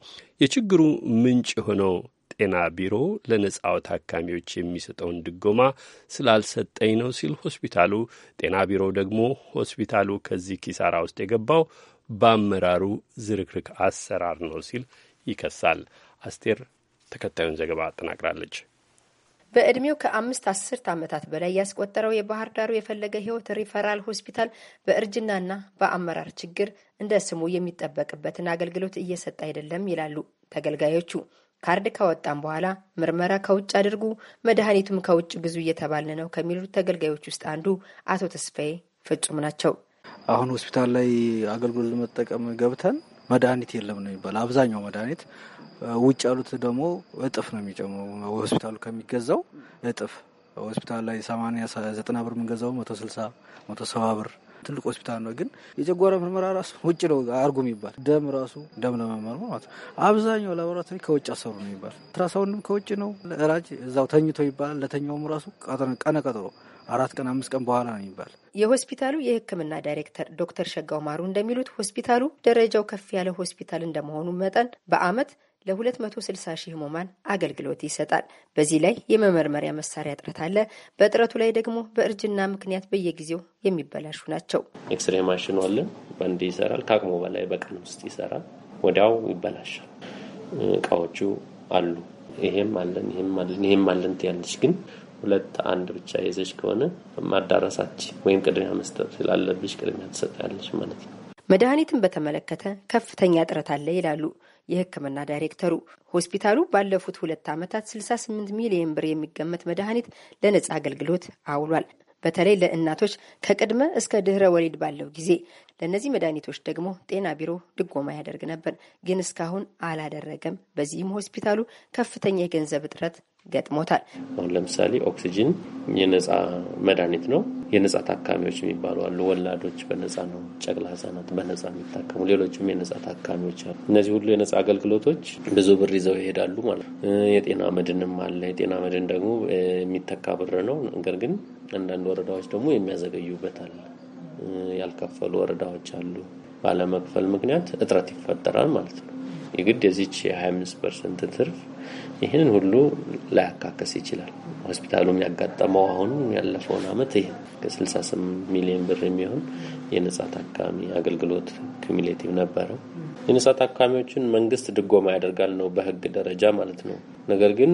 የችግሩ ምንጭ ሆነው ጤና ቢሮ ለነጻው ታካሚዎች የሚሰጠውን ድጎማ ስላልሰጠኝ ነው ሲል ሆስፒታሉ፣ ጤና ቢሮው ደግሞ ሆስፒታሉ ከዚህ ኪሳራ ውስጥ የገባው በአመራሩ ዝርክርክ አሰራር ነው ሲል ይከሳል። አስቴር ተከታዩን ዘገባ አጠናቅራለች። በዕድሜው ከአምስት አስርት ዓመታት በላይ ያስቆጠረው የባህር ዳሩ የፈለገ ሕይወት ሪፈራል ሆስፒታል በእርጅናና በአመራር ችግር እንደ ስሙ የሚጠበቅበትን አገልግሎት እየሰጠ አይደለም ይላሉ ተገልጋዮቹ። ካርድ ካወጣን በኋላ ምርመራ ከውጭ አድርጉ፣ መድኃኒቱም ከውጭ ግዙ እየተባልን ነው ከሚሉት ተገልጋዮች ውስጥ አንዱ አቶ ተስፋዬ ፍጹም ናቸው። አሁን ሆስፒታል ላይ አገልግሎት ለመጠቀም ገብተን መድኃኒት የለም ነው የሚባል። አብዛኛው መድኃኒት ውጭ ያሉት ደግሞ እጥፍ ነው የሚጨምሩ ሆስፒታሉ ከሚገዛው እጥፍ ሆስፒታል ላይ ሰማንያ ዘጠና ብር የምንገዛው መቶ ስልሳ መቶ ሰባ ብር ትልቅ ሆስፒታል ነው። ግን የጨጓራ ምርመራ ራሱ ውጭ ነው አርጉ የሚባል ደም ራሱ ደም ለመመር ማለት ነው። አብዛኛው ላቦራቶሪ ከውጭ አሰሩ ነው የሚባል ትራሳውንም ከውጭ ነው። ራጅ እዛው ተኝቶ ይባላል። ለተኛውም ራሱ ቀነ ቀጥሮ አራት ቀን አምስት ቀን በኋላ ነው የሚባል። የሆስፒታሉ የሕክምና ዳይሬክተር ዶክተር ሸጋው ማሩ እንደሚሉት ሆስፒታሉ ደረጃው ከፍ ያለ ሆስፒታል እንደመሆኑ መጠን በአመት ለ260 ሺህ ህሙማን አገልግሎት ይሰጣል። በዚህ ላይ የመመርመሪያ መሳሪያ እጥረት አለ። በእጥረቱ ላይ ደግሞ በእርጅና ምክንያት በየጊዜው የሚበላሹ ናቸው። ኤክስሬ ማሽኑ አለ፣ በአንዴ ይሰራል። ከአቅሙ በላይ በቀን ውስጥ ይሰራል። ወዲያው ይበላሻል። እቃዎቹ አሉ። ይሄም አለን፣ ይሄም አለን፣ ይሄም አለን ትያለች ግን ሁለት አንድ ብቻ የዘች ከሆነ ማዳረሳች ወይም ቅድሚያ መስጠት ስላለብሽ ቅድሚያ ትሰጣለች ማለት ነው። መድኃኒትን በተመለከተ ከፍተኛ እጥረት አለ ይላሉ የሕክምና ዳይሬክተሩ ሆስፒታሉ ባለፉት ሁለት ዓመታት 68 ሚሊዮን ብር የሚገመት መድኃኒት ለነጻ አገልግሎት አውሏል። በተለይ ለእናቶች ከቅድመ እስከ ድህረ ወሊድ ባለው ጊዜ። ለእነዚህ መድኃኒቶች ደግሞ ጤና ቢሮ ድጎማ ያደርግ ነበር፣ ግን እስካሁን አላደረገም። በዚህም ሆስፒታሉ ከፍተኛ የገንዘብ እጥረት ገጥሞታል። አሁን ለምሳሌ ኦክሲጂን የነጻ መድኃኒት ነው። የነጻ ታካሚዎች የሚባሉ አሉ። ወላዶች በነጻ ነው፣ ጨቅላ ህጻናት በነጻ የሚታከሙ ሌሎችም የነጻ ታካሚዎች አሉ። እነዚህ ሁሉ የነጻ አገልግሎቶች ብዙ ብር ይዘው ይሄዳሉ ማለት ነው። የጤና መድንም አለ። የጤና መድን ደግሞ የሚተካ ብር ነው። ነገር ግን አንዳንድ ወረዳዎች ደግሞ የሚያዘገዩበታል። ያልከፈሉ ወረዳዎች አሉ። ባለመክፈል ምክንያት እጥረት ይፈጠራል ማለት ነው። የግድ የዚች የ25 ፐርሰንት ትርፍ ይህን ሁሉ ላያካከስ ይችላል። ሆስፒታሉም ያጋጠመው አሁን ያለፈውን አመት ይህ ከ68 ሚሊዮን ብር የሚሆን የነጻ ታካሚ አገልግሎት ኩሚሌቲቭ ነበረው። የነጻ ታካሚዎችን መንግስት ድጎማ ያደርጋል ነው በህግ ደረጃ ማለት ነው። ነገር ግን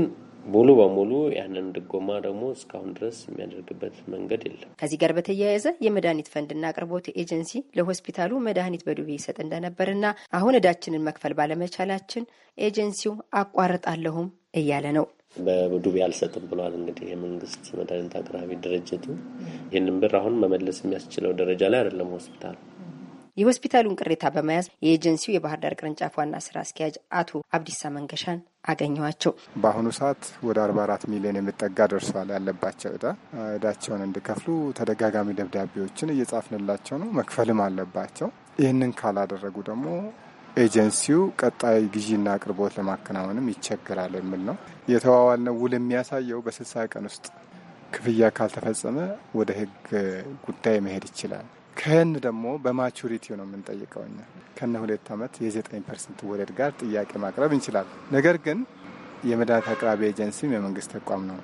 ሙሉ በሙሉ ያንን ድጎማ ደግሞ እስካሁን ድረስ የሚያደርግበት መንገድ የለም። ከዚህ ጋር በተያያዘ የመድኃኒት ፈንድና አቅርቦት ኤጀንሲ ለሆስፒታሉ መድኃኒት በዱቤ ይሰጥ እንደነበርና አሁን እዳችንን መክፈል ባለመቻላችን ኤጀንሲው አቋርጣለሁም እያለ ነው። በዱቤ አልሰጥም ብሏል። እንግዲህ የመንግስት መድኃኒት አቅራቢ ድርጅቱ ይህንን ብር አሁን መመለስ የሚያስችለው ደረጃ ላይ አይደለም ሆስፒታሉ የሆስፒታሉን ቅሬታ በመያዝ የኤጀንሲው የባህር ዳር ቅርንጫፍ ዋና ስራ አስኪያጅ አቶ አብዲሳ መንገሻን አገኘዋቸው። በአሁኑ ሰዓት ወደ አርባ አራት ሚሊዮን የሚጠጋ ደርሷል ያለባቸው እዳ። እዳቸውን እንዲከፍሉ ተደጋጋሚ ደብዳቤዎችን እየጻፍንላቸው ነው። መክፈልም አለባቸው። ይህንን ካላደረጉ ደግሞ ኤጀንሲው ቀጣይ ግዢና አቅርቦት ለማከናወንም ይቸገራል የሚል ነው የተዋዋልነው ውል የሚያሳየው በስልሳ ቀን ውስጥ ክፍያ ካልተፈጸመ ወደ ህግ ጉዳይ መሄድ ይችላል። ከህን ደግሞ በማቹሪቲ ነው የምንጠይቀው እኛ ከነ ሁለት ዓመት የዘጠኝ ፐርሰንት ወለድ ጋር ጥያቄ ማቅረብ እንችላለን። ነገር ግን የመድኃኒት አቅራቢ ኤጀንሲም የመንግስት ተቋም ነው፣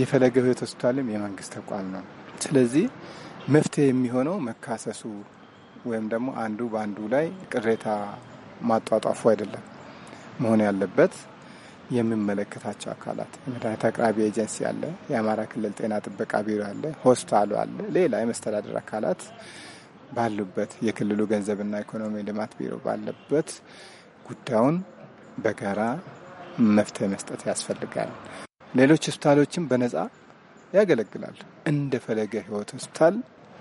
የፈለገ ህይወት ሆስፒታልም የመንግስት ተቋም ነው። ስለዚህ መፍትሄ የሚሆነው መካሰሱ ወይም ደግሞ አንዱ በአንዱ ላይ ቅሬታ ማጧጧፉ አይደለም መሆን ያለበት የሚመለከታቸው አካላት መድኃኒት አቅራቢ ኤጀንሲ አለ፣ የአማራ ክልል ጤና ጥበቃ ቢሮ አለ፣ ሆስፒታሉ አለ፣ ሌላ የመስተዳደር አካላት ባሉበት የክልሉ ገንዘብና ኢኮኖሚ ልማት ቢሮ ባለበት ጉዳዩን በጋራ መፍትሄ መስጠት ያስፈልጋል። ሌሎች ሆስፒታሎችም በነጻ ያገለግላል። እንደ ፈለገ ሆስፒታል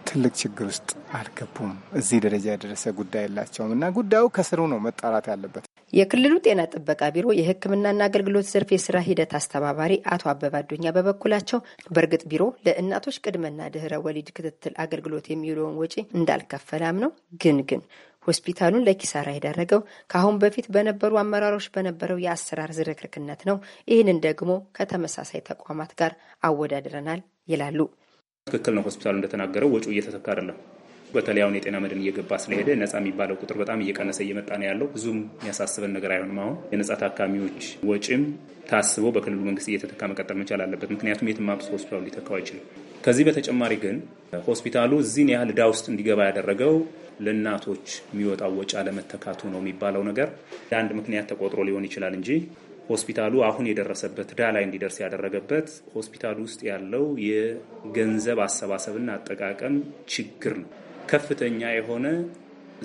ትልቅ ችግር ውስጥ አልገቡም። እዚህ ደረጃ የደረሰ ጉዳይ የላቸውም እና ጉዳዩ ከስሩ ነው መጣራት ያለበት። የክልሉ ጤና ጥበቃ ቢሮ የሕክምናና አገልግሎት ዘርፍ የስራ ሂደት አስተባባሪ አቶ አበባ አዱኛ በበኩላቸው በእርግጥ ቢሮ ለእናቶች ቅድመና ድህረ ወሊድ ክትትል አገልግሎት የሚውለውን ወጪ እንዳልከፈላም ነው ግን ግን ሆስፒታሉን ለኪሳራ የዳረገው ከአሁን በፊት በነበሩ አመራሮች በነበረው የአሰራር ዝርክርክነት ነው። ይህንን ደግሞ ከተመሳሳይ ተቋማት ጋር አወዳድረናል ይላሉ። ትክክል ነው። ሆስፒታሉ እንደተናገረው ወጪው እየተተካ አይደለም። በተለይ አሁን የጤና መድን እየገባ ስለሄደ ነጻ የሚባለው ቁጥር በጣም እየቀነሰ እየመጣ ነው ያለው። ብዙም የሚያሳስበን ነገር አይሆንም። አሁን የነጻ ታካሚዎች ወጪም ታስቦ በክልሉ መንግስት እየተተካ መቀጠል መቻል አለበት። ምክንያቱም የትም አብሶ ሆስፒታሉ ሊተካው አይችልም። ከዚህ በተጨማሪ ግን ሆስፒታሉ እዚህን ያህል ዳ ውስጥ እንዲገባ ያደረገው ለእናቶች የሚወጣው ወጪ አለመተካቱ ነው የሚባለው ነገር ለአንድ ምክንያት ተቆጥሮ ሊሆን ይችላል እንጂ ሆስፒታሉ አሁን የደረሰበት ዕዳ ላይ እንዲደርስ ያደረገበት ሆስፒታሉ ውስጥ ያለው የገንዘብ አሰባሰብና አጠቃቀም ችግር ነው። ከፍተኛ የሆነ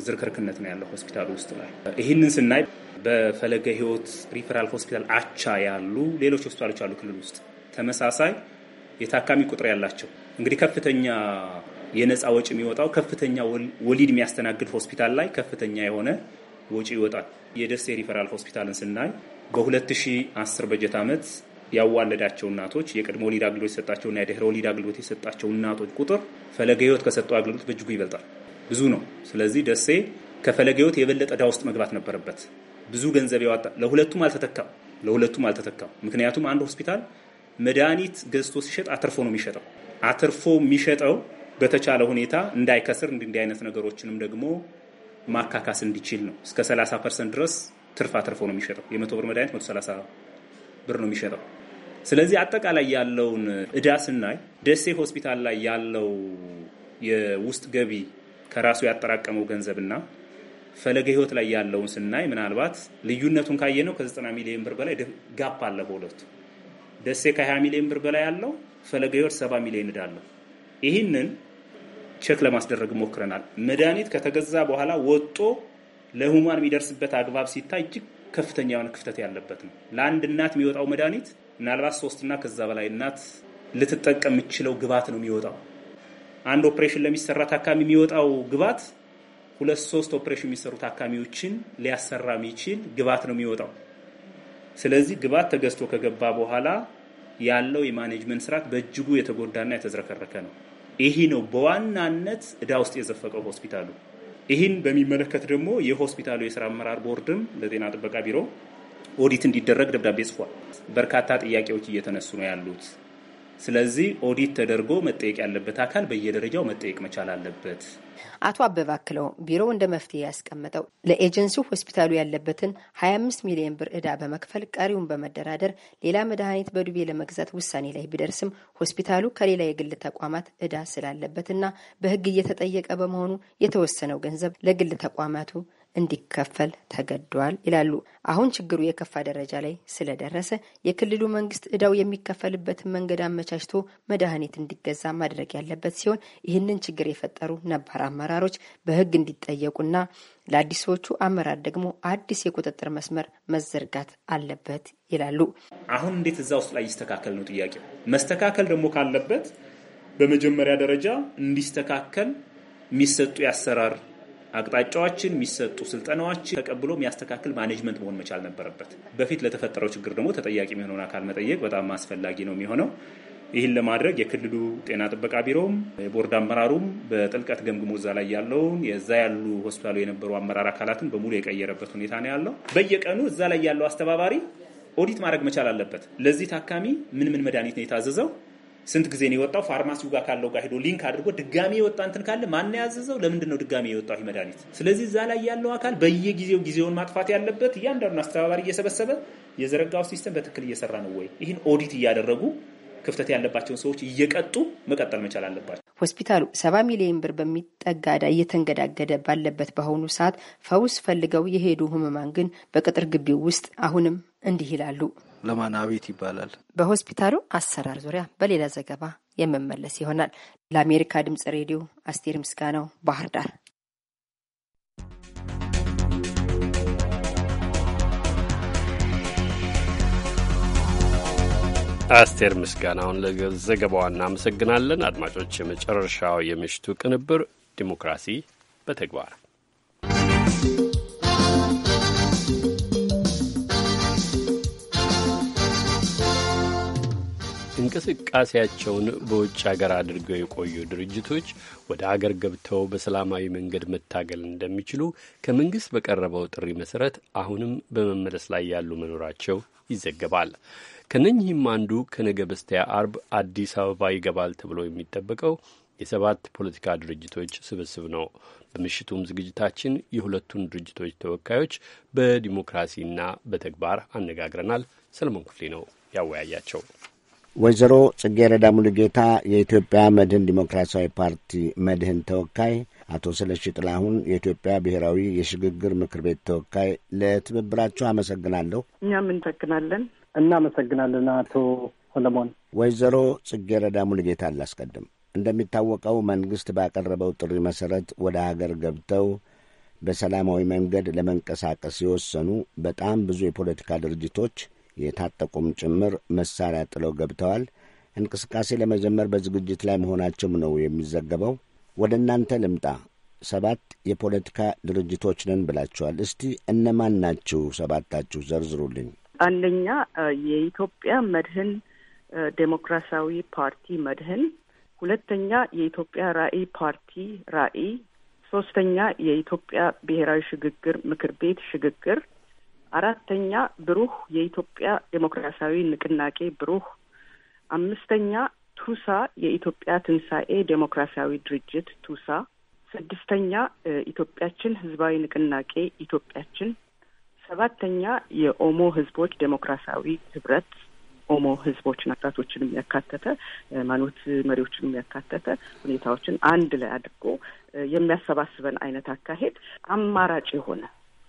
ዝርክርክነት ነው ያለው ሆስፒታል ውስጥ ላይ። ይህንን ስናይ በፈለገ ህይወት ሪፈራል ሆስፒታል አቻ ያሉ ሌሎች ሆስፒታሎች አሉ ክልል ውስጥ ተመሳሳይ የታካሚ ቁጥር ያላቸው እንግዲህ ከፍተኛ የነፃ ወጪ የሚወጣው ከፍተኛ ወሊድ የሚያስተናግድ ሆስፒታል ላይ ከፍተኛ የሆነ ወጪ ይወጣል። የደሴ ሪፈራል ሆስፒታልን ስናይ በ2010 በጀት ዓመት ያዋለዳቸው እናቶች የቅድመ ወሊድ አገልግሎት የሰጣቸውና የድህረ ወሊድ አገልግሎት የሰጣቸው እናቶች ቁጥር ፈለገ ህይወት ከሰጠው አገልግሎት በእጅጉ ይበልጣል፣ ብዙ ነው። ስለዚህ ደሴ ከፈለገ ህይወት የበለጠ ዳ ውስጥ መግባት ነበረበት። ብዙ ገንዘብ ያወጣ፣ ለሁለቱም አልተተካም፣ ለሁለቱም አልተተካም። ምክንያቱም አንድ ሆስፒታል መድኃኒት ገዝቶ ሲሸጥ አትርፎ ነው የሚሸጠው። አትርፎ የሚሸጠው በተቻለ ሁኔታ እንዳይከስር እንዲህ አይነት ነገሮችንም ደግሞ ማካካስ እንዲችል ነው። እስከ 30 ፐርሰንት ድረስ ትርፍ አትርፎ ነው የሚሸጠው። የመቶ ብር መድኃኒት 130 ብር ነው የሚሸጠው። ስለዚህ አጠቃላይ ያለውን እዳ ስናይ ደሴ ሆስፒታል ላይ ያለው የውስጥ ገቢ ከራሱ ያጠራቀመው ገንዘብና ፈለገ ህይወት ላይ ያለውን ስናይ ምናልባት ልዩነቱን ካየ ነው ከ90 ሚሊዮን ብር በላይ ጋፕ አለ በሁለቱ። ደሴ ከ20 ሚሊዮን ብር በላይ ያለው ፈለገ ህይወት 70 ሚሊዮን እዳ አለው። ይህንን ቼክ ለማስደረግ ሞክረናል። መድኃኒት ከተገዛ በኋላ ወጦ ለሁማን የሚደርስበት አግባብ ሲታይ እጅግ ከፍተኛ የሆነ ክፍተት ያለበት ነው። ለአንድ እናት የሚወጣው መድኃኒት ምናልባት ሶስትና ከዛ በላይ እናት ልትጠቀም የምችለው ግብዓት ነው የሚወጣው። አንድ ኦፕሬሽን ለሚሰራ ታካሚ የሚወጣው ግብዓት ሁለት ሶስት ኦፕሬሽን የሚሰሩ ታካሚዎችን ሊያሰራ የሚችል ግብዓት ነው የሚወጣው። ስለዚህ ግብዓት ተገዝቶ ከገባ በኋላ ያለው የማኔጅመንት ስርዓት በእጅጉ የተጎዳና የተዝረከረከ ነው። ይህ ነው በዋናነት እዳ ውስጥ የዘፈቀው ሆስፒታሉ። ይህን በሚመለከት ደግሞ የሆስፒታሉ የስራ አመራር ቦርድም ለጤና ጥበቃ ቢሮ ኦዲት እንዲደረግ ደብዳቤ ጽፏል። በርካታ ጥያቄዎች እየተነሱ ነው ያሉት። ስለዚህ ኦዲት ተደርጎ መጠየቅ ያለበት አካል በየደረጃው መጠየቅ መቻል አለበት። አቶ አበባ አክለው ቢሮው እንደ መፍትሄ ያስቀመጠው ለኤጀንሲው ሆስፒታሉ ያለበትን 25 ሚሊዮን ብር እዳ በመክፈል ቀሪውን በመደራደር ሌላ መድኃኒት በዱቤ ለመግዛት ውሳኔ ላይ ቢደርስም ሆስፒታሉ ከሌላ የግል ተቋማት እዳ ስላለበትና በሕግ እየተጠየቀ በመሆኑ የተወሰነው ገንዘብ ለግል ተቋማቱ እንዲከፈል ተገዷል ይላሉ። አሁን ችግሩ የከፋ ደረጃ ላይ ስለደረሰ የክልሉ መንግስት እዳው የሚከፈልበትን መንገድ አመቻችቶ መድኃኒት እንዲገዛ ማድረግ ያለበት ሲሆን ይህንን ችግር የፈጠሩ ነባር አመራሮች በህግ እንዲጠየቁና ለአዲሶቹ አመራር ደግሞ አዲስ የቁጥጥር መስመር መዘርጋት አለበት ይላሉ። አሁን እንዴት እዛ ውስጥ ላይ ይስተካከል ነው ጥያቄው። መስተካከል ደግሞ ካለበት በመጀመሪያ ደረጃ እንዲስተካከል የሚሰጡ የአሰራር አቅጣጫዎችን የሚሰጡ ስልጠናዎችን ተቀብሎ የሚያስተካክል ማኔጅመንት መሆን መቻል ነበረበት። በፊት ለተፈጠረው ችግር ደግሞ ተጠያቂ የሚሆነውን አካል መጠየቅ በጣም አስፈላጊ ነው የሚሆነው። ይህን ለማድረግ የክልሉ ጤና ጥበቃ ቢሮውም የቦርድ አመራሩም በጥልቀት ገምግሞ እዛ ላይ ያለውን የዛ ያሉ ሆስፒታሉ የነበሩ አመራር አካላትን በሙሉ የቀየረበት ሁኔታ ነው ያለው። በየቀኑ እዛ ላይ ያለው አስተባባሪ ኦዲት ማድረግ መቻል አለበት። ለዚህ ታካሚ ምን ምን መድኃኒት ነው የታዘዘው ስንት ጊዜ ነው የወጣው? ፋርማሲው ጋር ካለው ጋር ሄዶ ሊንክ አድርጎ ድጋሚ የወጣ እንትን ካለ ማን ያዘዘው? ለምንድን ነው ድጋሚ የወጣው መድኃኒት? ስለዚህ እዛ ላይ ያለው አካል በየጊዜው ጊዜውን ማጥፋት ያለበት እያንዳንዱን አስተባባሪ እየሰበሰበ የዘረጋው ሲስተም በትክክል እየሰራ ነው ወይ? ይህን ኦዲት እያደረጉ ክፍተት ያለባቸውን ሰዎች እየቀጡ መቀጠል መቻል አለባቸው። ሆስፒታሉ ሰባ ሚሊዮን ብር በሚጠጋ እየተንገዳገደ ባለበት በአሁኑ ሰዓት ፈውስ ፈልገው የሄዱ ህሙማን ግን በቅጥር ግቢው ውስጥ አሁንም እንዲህ ይላሉ። ለማን አቤት ይባላል። በሆስፒታሉ አሰራር ዙሪያ በሌላ ዘገባ የምመለስ ይሆናል። ለአሜሪካ ድምጽ ሬዲዮ አስቴር ምስጋናው ባህር ዳር አስቴር ምስጋናውን ለዘገባዋ እናመሰግናለን። አድማጮች፣ የመጨረሻው የምሽቱ ቅንብር ዲሞክራሲ በተግባር እንቅስቃሴያቸውን በውጭ አገር አድርገው የቆዩ ድርጅቶች ወደ አገር ገብተው በሰላማዊ መንገድ መታገል እንደሚችሉ ከመንግሥት በቀረበው ጥሪ መሠረት አሁንም በመመለስ ላይ ያሉ መኖራቸው ይዘገባል። ከነኚህም አንዱ ከነገ በስቲያ አርብ አዲስ አበባ ይገባል ተብሎ የሚጠበቀው የሰባት ፖለቲካ ድርጅቶች ስብስብ ነው። በምሽቱም ዝግጅታችን የሁለቱን ድርጅቶች ተወካዮች በዲሞክራሲና በተግባር አነጋግረናል። ሰለሞን ክፍሌ ነው ያወያያቸው። ወይዘሮ ጽጌረዳ ሙሉጌታ የኢትዮጵያ መድህን ዲሞክራሲያዊ ፓርቲ መድህን ተወካይ፣ አቶ ስለሺ ጥላሁን የኢትዮጵያ ብሔራዊ የሽግግር ምክር ቤት ተወካይ፣ ለትብብራቸው አመሰግናለሁ። እኛም እንተክናለን። እናመሰግናለን አቶ ሰለሞን። ወይዘሮ ጽጌረዳ ሙልጌታ አላስቀድም። እንደሚታወቀው መንግሥት ባቀረበው ጥሪ መሠረት ወደ ሀገር ገብተው በሰላማዊ መንገድ ለመንቀሳቀስ የወሰኑ በጣም ብዙ የፖለቲካ ድርጅቶች የታጠቁም ጭምር መሳሪያ ጥለው ገብተዋል። እንቅስቃሴ ለመጀመር በዝግጅት ላይ መሆናቸውም ነው የሚዘገበው። ወደ እናንተ ልምጣ። ሰባት የፖለቲካ ድርጅቶች ነን ብላችኋል። እስቲ እነማን ናችሁ? ሰባታችሁ ዘርዝሩልኝ። አንደኛ የኢትዮጵያ መድህን ዴሞክራሲያዊ ፓርቲ መድህን፣ ሁለተኛ የኢትዮጵያ ራዕይ ፓርቲ ራዕይ፣ ሶስተኛ የኢትዮጵያ ብሔራዊ ሽግግር ምክር ቤት ሽግግር፣ አራተኛ ብሩህ የኢትዮጵያ ዴሞክራሲያዊ ንቅናቄ ብሩህ፣ አምስተኛ ቱሳ የኢትዮጵያ ትንሣኤ ዴሞክራሲያዊ ድርጅት ቱሳ፣ ስድስተኛ ኢትዮጵያችን ህዝባዊ ንቅናቄ ኢትዮጵያችን ሰባተኛ የኦሞ ህዝቦች ዴሞክራሲያዊ ህብረት ኦሞ ህዝቦች ናቅራቶችን የሚያካተተ ሃይማኖት መሪዎችን የሚያካተተ ሁኔታዎችን አንድ ላይ አድርጎ የሚያሰባስበን አይነት አካሄድ አማራጭ የሆነ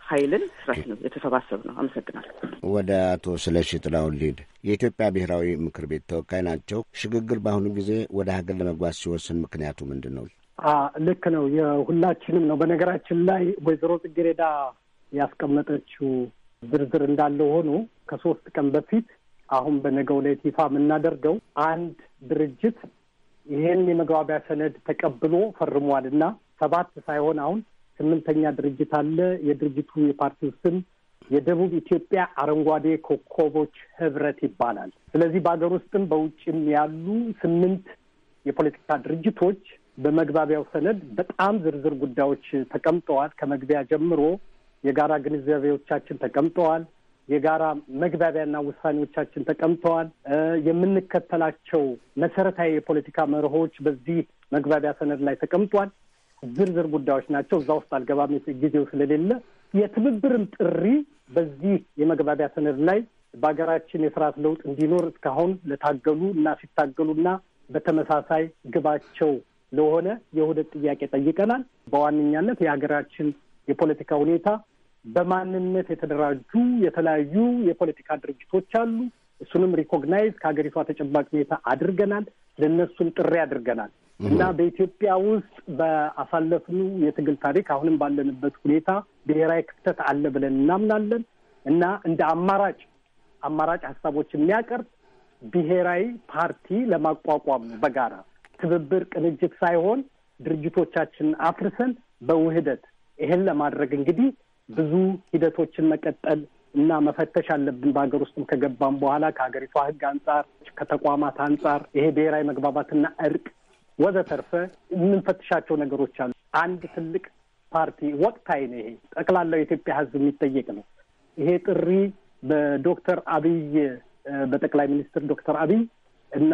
ኃይልን ስራት ነው የተሰባሰብ ነው። አመሰግናለሁ። ወደ አቶ ስለሺ ጥላውን ሊድ የኢትዮጵያ ብሔራዊ ምክር ቤት ተወካይ ናቸው። ሽግግር በአሁኑ ጊዜ ወደ ሀገር ለመጓዝ ሲወስን ምክንያቱ ምንድን ነው? ልክ ነው፣ የሁላችንም ነው። በነገራችን ላይ ወይዘሮ ጽጌሬዳ ያስቀመጠችው ዝርዝር እንዳለው ሆኖ ከሶስት ቀን በፊት አሁን በነገው ዕለት ይፋ የምናደርገው አንድ ድርጅት ይህን የመግባቢያ ሰነድ ተቀብሎ ፈርሟል እና ሰባት ሳይሆን አሁን ስምንተኛ ድርጅት አለ። የድርጅቱ የፓርቲው ስም የደቡብ ኢትዮጵያ አረንጓዴ ኮከቦች ህብረት ይባላል። ስለዚህ በሀገር ውስጥም በውጭም ያሉ ስምንት የፖለቲካ ድርጅቶች በመግባቢያው ሰነድ በጣም ዝርዝር ጉዳዮች ተቀምጠዋል። ከመግቢያ ጀምሮ የጋራ ግንዛቤዎቻችን ተቀምጠዋል። የጋራ መግባቢያና ውሳኔዎቻችን ተቀምጠዋል። የምንከተላቸው መሰረታዊ የፖለቲካ መርሆች በዚህ መግባቢያ ሰነድ ላይ ተቀምጧል። ዝርዝር ጉዳዮች ናቸው። እዛ ውስጥ አልገባም ጊዜው ስለሌለ። የትብብርም ጥሪ በዚህ የመግባቢያ ሰነድ ላይ በሀገራችን የስርዓት ለውጥ እንዲኖር እስካሁን ለታገሉ እና ሲታገሉና በተመሳሳይ ግባቸው ለሆነ የውህደት ጥያቄ ጠይቀናል። በዋነኛነት የሀገራችን የፖለቲካ ሁኔታ በማንነት የተደራጁ የተለያዩ የፖለቲካ ድርጅቶች አሉ። እሱንም ሪኮግናይዝ ከሀገሪቷ ተጨባጭ ሁኔታ አድርገናል። ለእነሱም ጥሪ አድርገናል እና በኢትዮጵያ ውስጥ በአሳለፍኑ የትግል ታሪክ አሁንም ባለንበት ሁኔታ ብሔራዊ ክፍተት አለ ብለን እናምናለን እና እንደ አማራጭ አማራጭ ሀሳቦች የሚያቀርብ ብሔራዊ ፓርቲ ለማቋቋም በጋራ ትብብር፣ ቅንጅት ሳይሆን ድርጅቶቻችንን አፍርሰን በውህደት ይህን ለማድረግ እንግዲህ ብዙ ሂደቶችን መቀጠል እና መፈተሽ አለብን። በሀገር ውስጥም ከገባም በኋላ ከሀገሪቷ ሕግ አንጻር፣ ከተቋማት አንጻር ይሄ ብሔራዊ መግባባትና እርቅ ወዘተርፈ የምንፈትሻቸው ነገሮች አሉ። አንድ ትልቅ ፓርቲ ወቅታዊ ነው። ይሄ ጠቅላላው የኢትዮጵያ ሕዝብ የሚጠየቅ ነው። ይሄ ጥሪ በዶክተር አብይ በጠቅላይ ሚኒስትር ዶክተር አብይ እና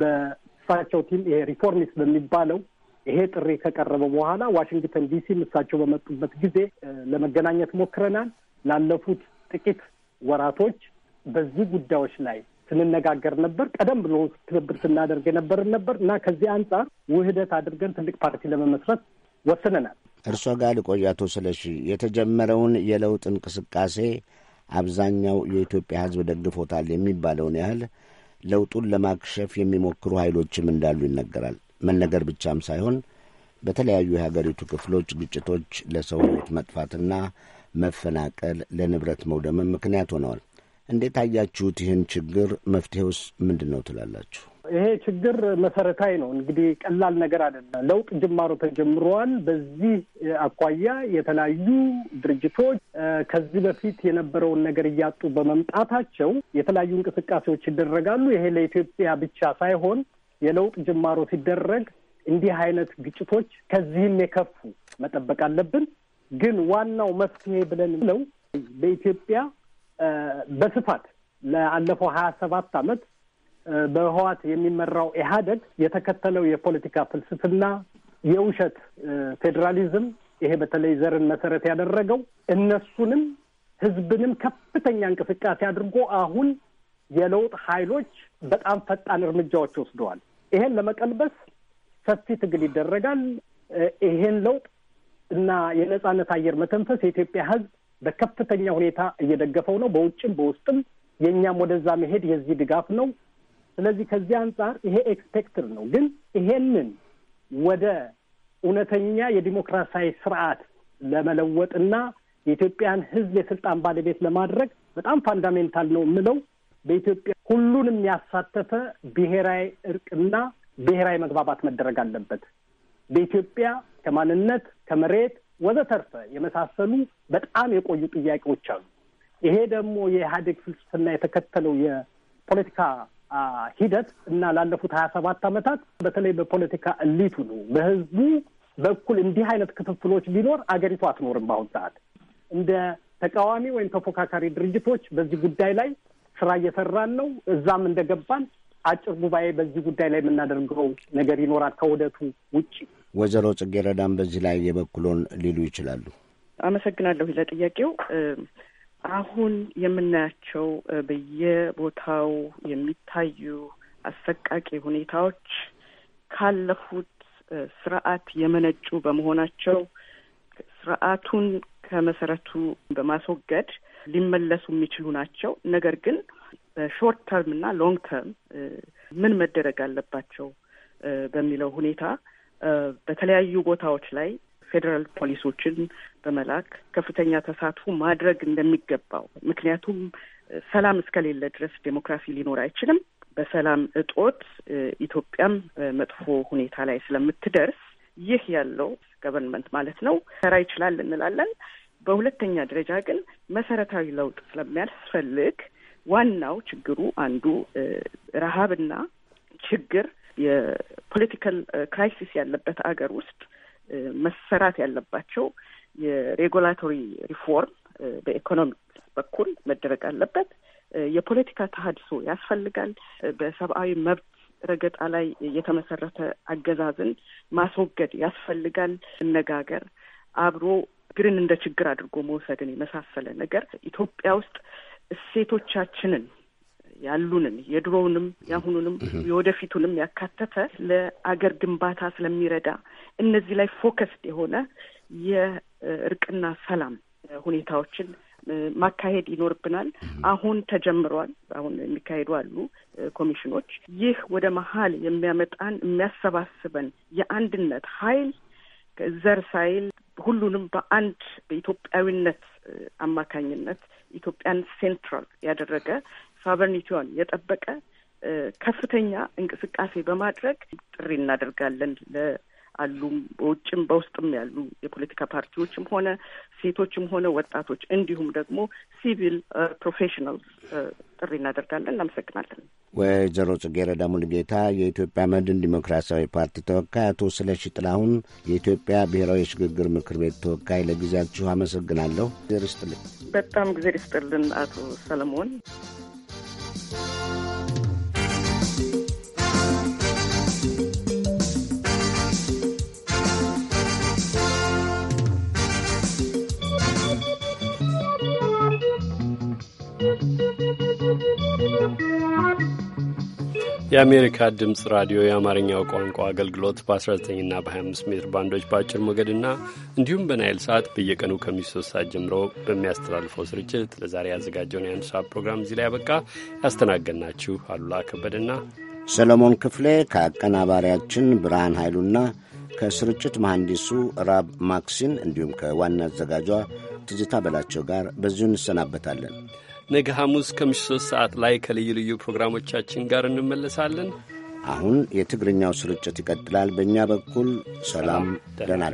በእሳቸው ቲም ይሄ ሪፎርሚስት በሚባለው ይሄ ጥሪ ከቀረበ በኋላ ዋሽንግተን ዲሲ እሳቸው በመጡበት ጊዜ ለመገናኘት ሞክረናል። ላለፉት ጥቂት ወራቶች በዚህ ጉዳዮች ላይ ስንነጋገር ነበር። ቀደም ብሎ ትብብር ስናደርግ የነበርን ነበር እና ከዚህ አንጻር ውህደት አድርገን ትልቅ ፓርቲ ለመመስረት ወስነናል። እርሶ ጋር ልቆይ። አቶ ስለሺ የተጀመረውን የለውጥ እንቅስቃሴ አብዛኛው የኢትዮጵያ ሕዝብ ደግፎታል የሚባለውን ያህል ለውጡን ለማክሸፍ የሚሞክሩ ኃይሎችም እንዳሉ ይነገራል። መነገር ብቻም ሳይሆን በተለያዩ የሀገሪቱ ክፍሎች ግጭቶች ለሰው ሕይወት መጥፋትና መፈናቀል፣ ለንብረት መውደምን ምክንያት ሆነዋል። እንዴት አያችሁት? ይህን ችግር መፍትሄውስ ምንድን ነው ትላላችሁ? ይሄ ችግር መሰረታዊ ነው። እንግዲህ ቀላል ነገር አይደለም። ለውጥ ጅማሮ ተጀምሯል። በዚህ አኳያ የተለያዩ ድርጅቶች ከዚህ በፊት የነበረውን ነገር እያጡ በመምጣታቸው የተለያዩ እንቅስቃሴዎች ይደረጋሉ። ይሄ ለኢትዮጵያ ብቻ ሳይሆን የለውጥ ጅማሮ ሲደረግ እንዲህ አይነት ግጭቶች ከዚህም የከፉ መጠበቅ አለብን። ግን ዋናው መፍትሄ ብለን ብለው በኢትዮጵያ በስፋት ለአለፈው ሀያ ሰባት አመት በህዋት የሚመራው ኢህአደግ የተከተለው የፖለቲካ ፍልስፍና የውሸት ፌዴራሊዝም፣ ይሄ በተለይ ዘርን መሰረት ያደረገው እነሱንም ህዝብንም ከፍተኛ እንቅስቃሴ አድርጎ አሁን የለውጥ ኃይሎች በጣም ፈጣን እርምጃዎች ወስደዋል። ይሄን ለመቀልበስ ሰፊ ትግል ይደረጋል። ይሄን ለውጥ እና የነጻነት አየር መተንፈስ የኢትዮጵያ ሕዝብ በከፍተኛ ሁኔታ እየደገፈው ነው፣ በውጭም በውስጥም። የእኛም ወደዛ መሄድ የዚህ ድጋፍ ነው። ስለዚህ ከዚህ አንጻር ይሄ ኤክስፔክትድ ነው። ግን ይሄንን ወደ እውነተኛ የዲሞክራሲያዊ ስርዓት ለመለወጥና የኢትዮጵያን ሕዝብ የስልጣን ባለቤት ለማድረግ በጣም ፋንዳሜንታል ነው የምለው በኢትዮጵያ ሁሉንም ያሳተፈ ብሔራዊ እርቅና ብሔራዊ መግባባት መደረግ አለበት። በኢትዮጵያ ከማንነት ከመሬት ወዘተርፈ የመሳሰሉ በጣም የቆዩ ጥያቄዎች አሉ። ይሄ ደግሞ የኢህአዴግ ፍልስፍና የተከተለው የፖለቲካ ሂደት እና ላለፉት ሀያ ሰባት ዓመታት በተለይ በፖለቲካ እሊቱ ነው በህዝቡ በኩል እንዲህ አይነት ክፍፍሎች ቢኖር አገሪቱ አትኖርም። በአሁኑ ሰዓት እንደ ተቃዋሚ ወይም ተፎካካሪ ድርጅቶች በዚህ ጉዳይ ላይ ስራ እየሰራን ነው። እዛም እንደገባን አጭር ጉባኤ በዚህ ጉዳይ ላይ የምናደርገው ነገር ይኖራል ከውህደቱ ውጭ። ወይዘሮ ጽጌረዳን በዚህ ላይ የበኩሎን ሊሉ ይችላሉ። አመሰግናለሁ ለጥያቄው። አሁን የምናያቸው በየቦታው የሚታዩ አሰቃቂ ሁኔታዎች ካለፉት ስርዓት የመነጩ በመሆናቸው ስርዓቱን ከመሰረቱ በማስወገድ ሊመለሱ የሚችሉ ናቸው። ነገር ግን በሾርት ተርም እና ሎንግ ተርም ምን መደረግ አለባቸው በሚለው ሁኔታ በተለያዩ ቦታዎች ላይ ፌዴራል ፖሊሶችን በመላክ ከፍተኛ ተሳትፎ ማድረግ እንደሚገባው ምክንያቱም ሰላም እስከሌለ ድረስ ዴሞክራሲ ሊኖር አይችልም። በሰላም እጦት ኢትዮጵያም መጥፎ ሁኔታ ላይ ስለምትደርስ ይህ ያለው ገቨርንመንት ማለት ነው ሰራ ይችላል እንላለን። በሁለተኛ ደረጃ ግን መሰረታዊ ለውጥ ስለሚያስፈልግ ዋናው ችግሩ አንዱ ረሃብና ችግር የፖለቲካል ክራይሲስ ያለበት አገር ውስጥ መሰራት ያለባቸው የሬጉላቶሪ ሪፎርም በኢኮኖሚ በኩል መደረግ አለበት። የፖለቲካ ተሀድሶ ያስፈልጋል። በሰብአዊ መብት ረገጣ ላይ የተመሰረተ አገዛዝን ማስወገድ ያስፈልጋል። መነጋገር፣ አብሮ ችግርን እንደ ችግር አድርጎ መውሰድን የመሳሰለ ነገር ኢትዮጵያ ውስጥ እሴቶቻችንን ያሉንን የድሮውንም የአሁኑንም የወደፊቱንም ያካተተ ለአገር ግንባታ ስለሚረዳ እነዚህ ላይ ፎከስድ የሆነ የእርቅና ሰላም ሁኔታዎችን ማካሄድ ይኖርብናል። አሁን ተጀምሯል። አሁን የሚካሄዱ አሉ ኮሚሽኖች። ይህ ወደ መሀል የሚያመጣን የሚያሰባስበን የአንድነት ኃይል ዘር ሳይል ሁሉንም በአንድ በኢትዮጵያዊነት አማካኝነት ኢትዮጵያን ሴንትራል ያደረገ ሳቨርኒቲዋን የጠበቀ ከፍተኛ እንቅስቃሴ በማድረግ ጥሪ እናደርጋለን አሉ። በውጭም በውስጥም ያሉ የፖለቲካ ፓርቲዎችም ሆነ ሴቶችም ሆነ ወጣቶች እንዲሁም ደግሞ ሲቪል ፕሮፌሽናልስ ጥሪ እናደርጋለን። እናመሰግናለን። ወይዘሮ ጽጌረዳ ሙልጌታ የኢትዮጵያ መድን ዲሞክራሲያዊ ፓርቲ ተወካይ፣ አቶ ስለሺ ጥላሁን የኢትዮጵያ ብሔራዊ የሽግግር ምክር ቤት ተወካይ፣ ለጊዜያችሁ አመሰግናለሁ። እግዜር ይስጥልን። በጣም እግዜር ይስጥልን አቶ ሰለሞን። የአሜሪካ ድምፅ ራዲዮ የአማርኛው ቋንቋ አገልግሎት በ19ና በ25 ሜትር ባንዶች በአጭር ሞገድና እንዲሁም በናይል ሰዓት በየቀኑ ከምሽቱ ሰዓት ጀምሮ በሚያስተላልፈው ስርጭት ለዛሬ ያዘጋጀውን የአንድ ሰዓት ፕሮግራም እዚህ ላይ ያበቃ። ያስተናገድናችሁ አሉላ ከበደና ሰለሞን ክፍሌ ከአቀናባሪያችን ብርሃን ኃይሉና ከስርጭት መሐንዲሱ ራብ ማክሲን እንዲሁም ከዋና አዘጋጇ ትዝታ በላቸው ጋር በዚሁ እንሰናበታለን። ነገ ሐሙስ ከምሽቱ ሶስት ሰዓት ላይ ከልዩ ልዩ ፕሮግራሞቻችን ጋር እንመለሳለን። አሁን የትግርኛው ስርጭት ይቀጥላል። በእኛ በኩል ሰላም፣ ደህና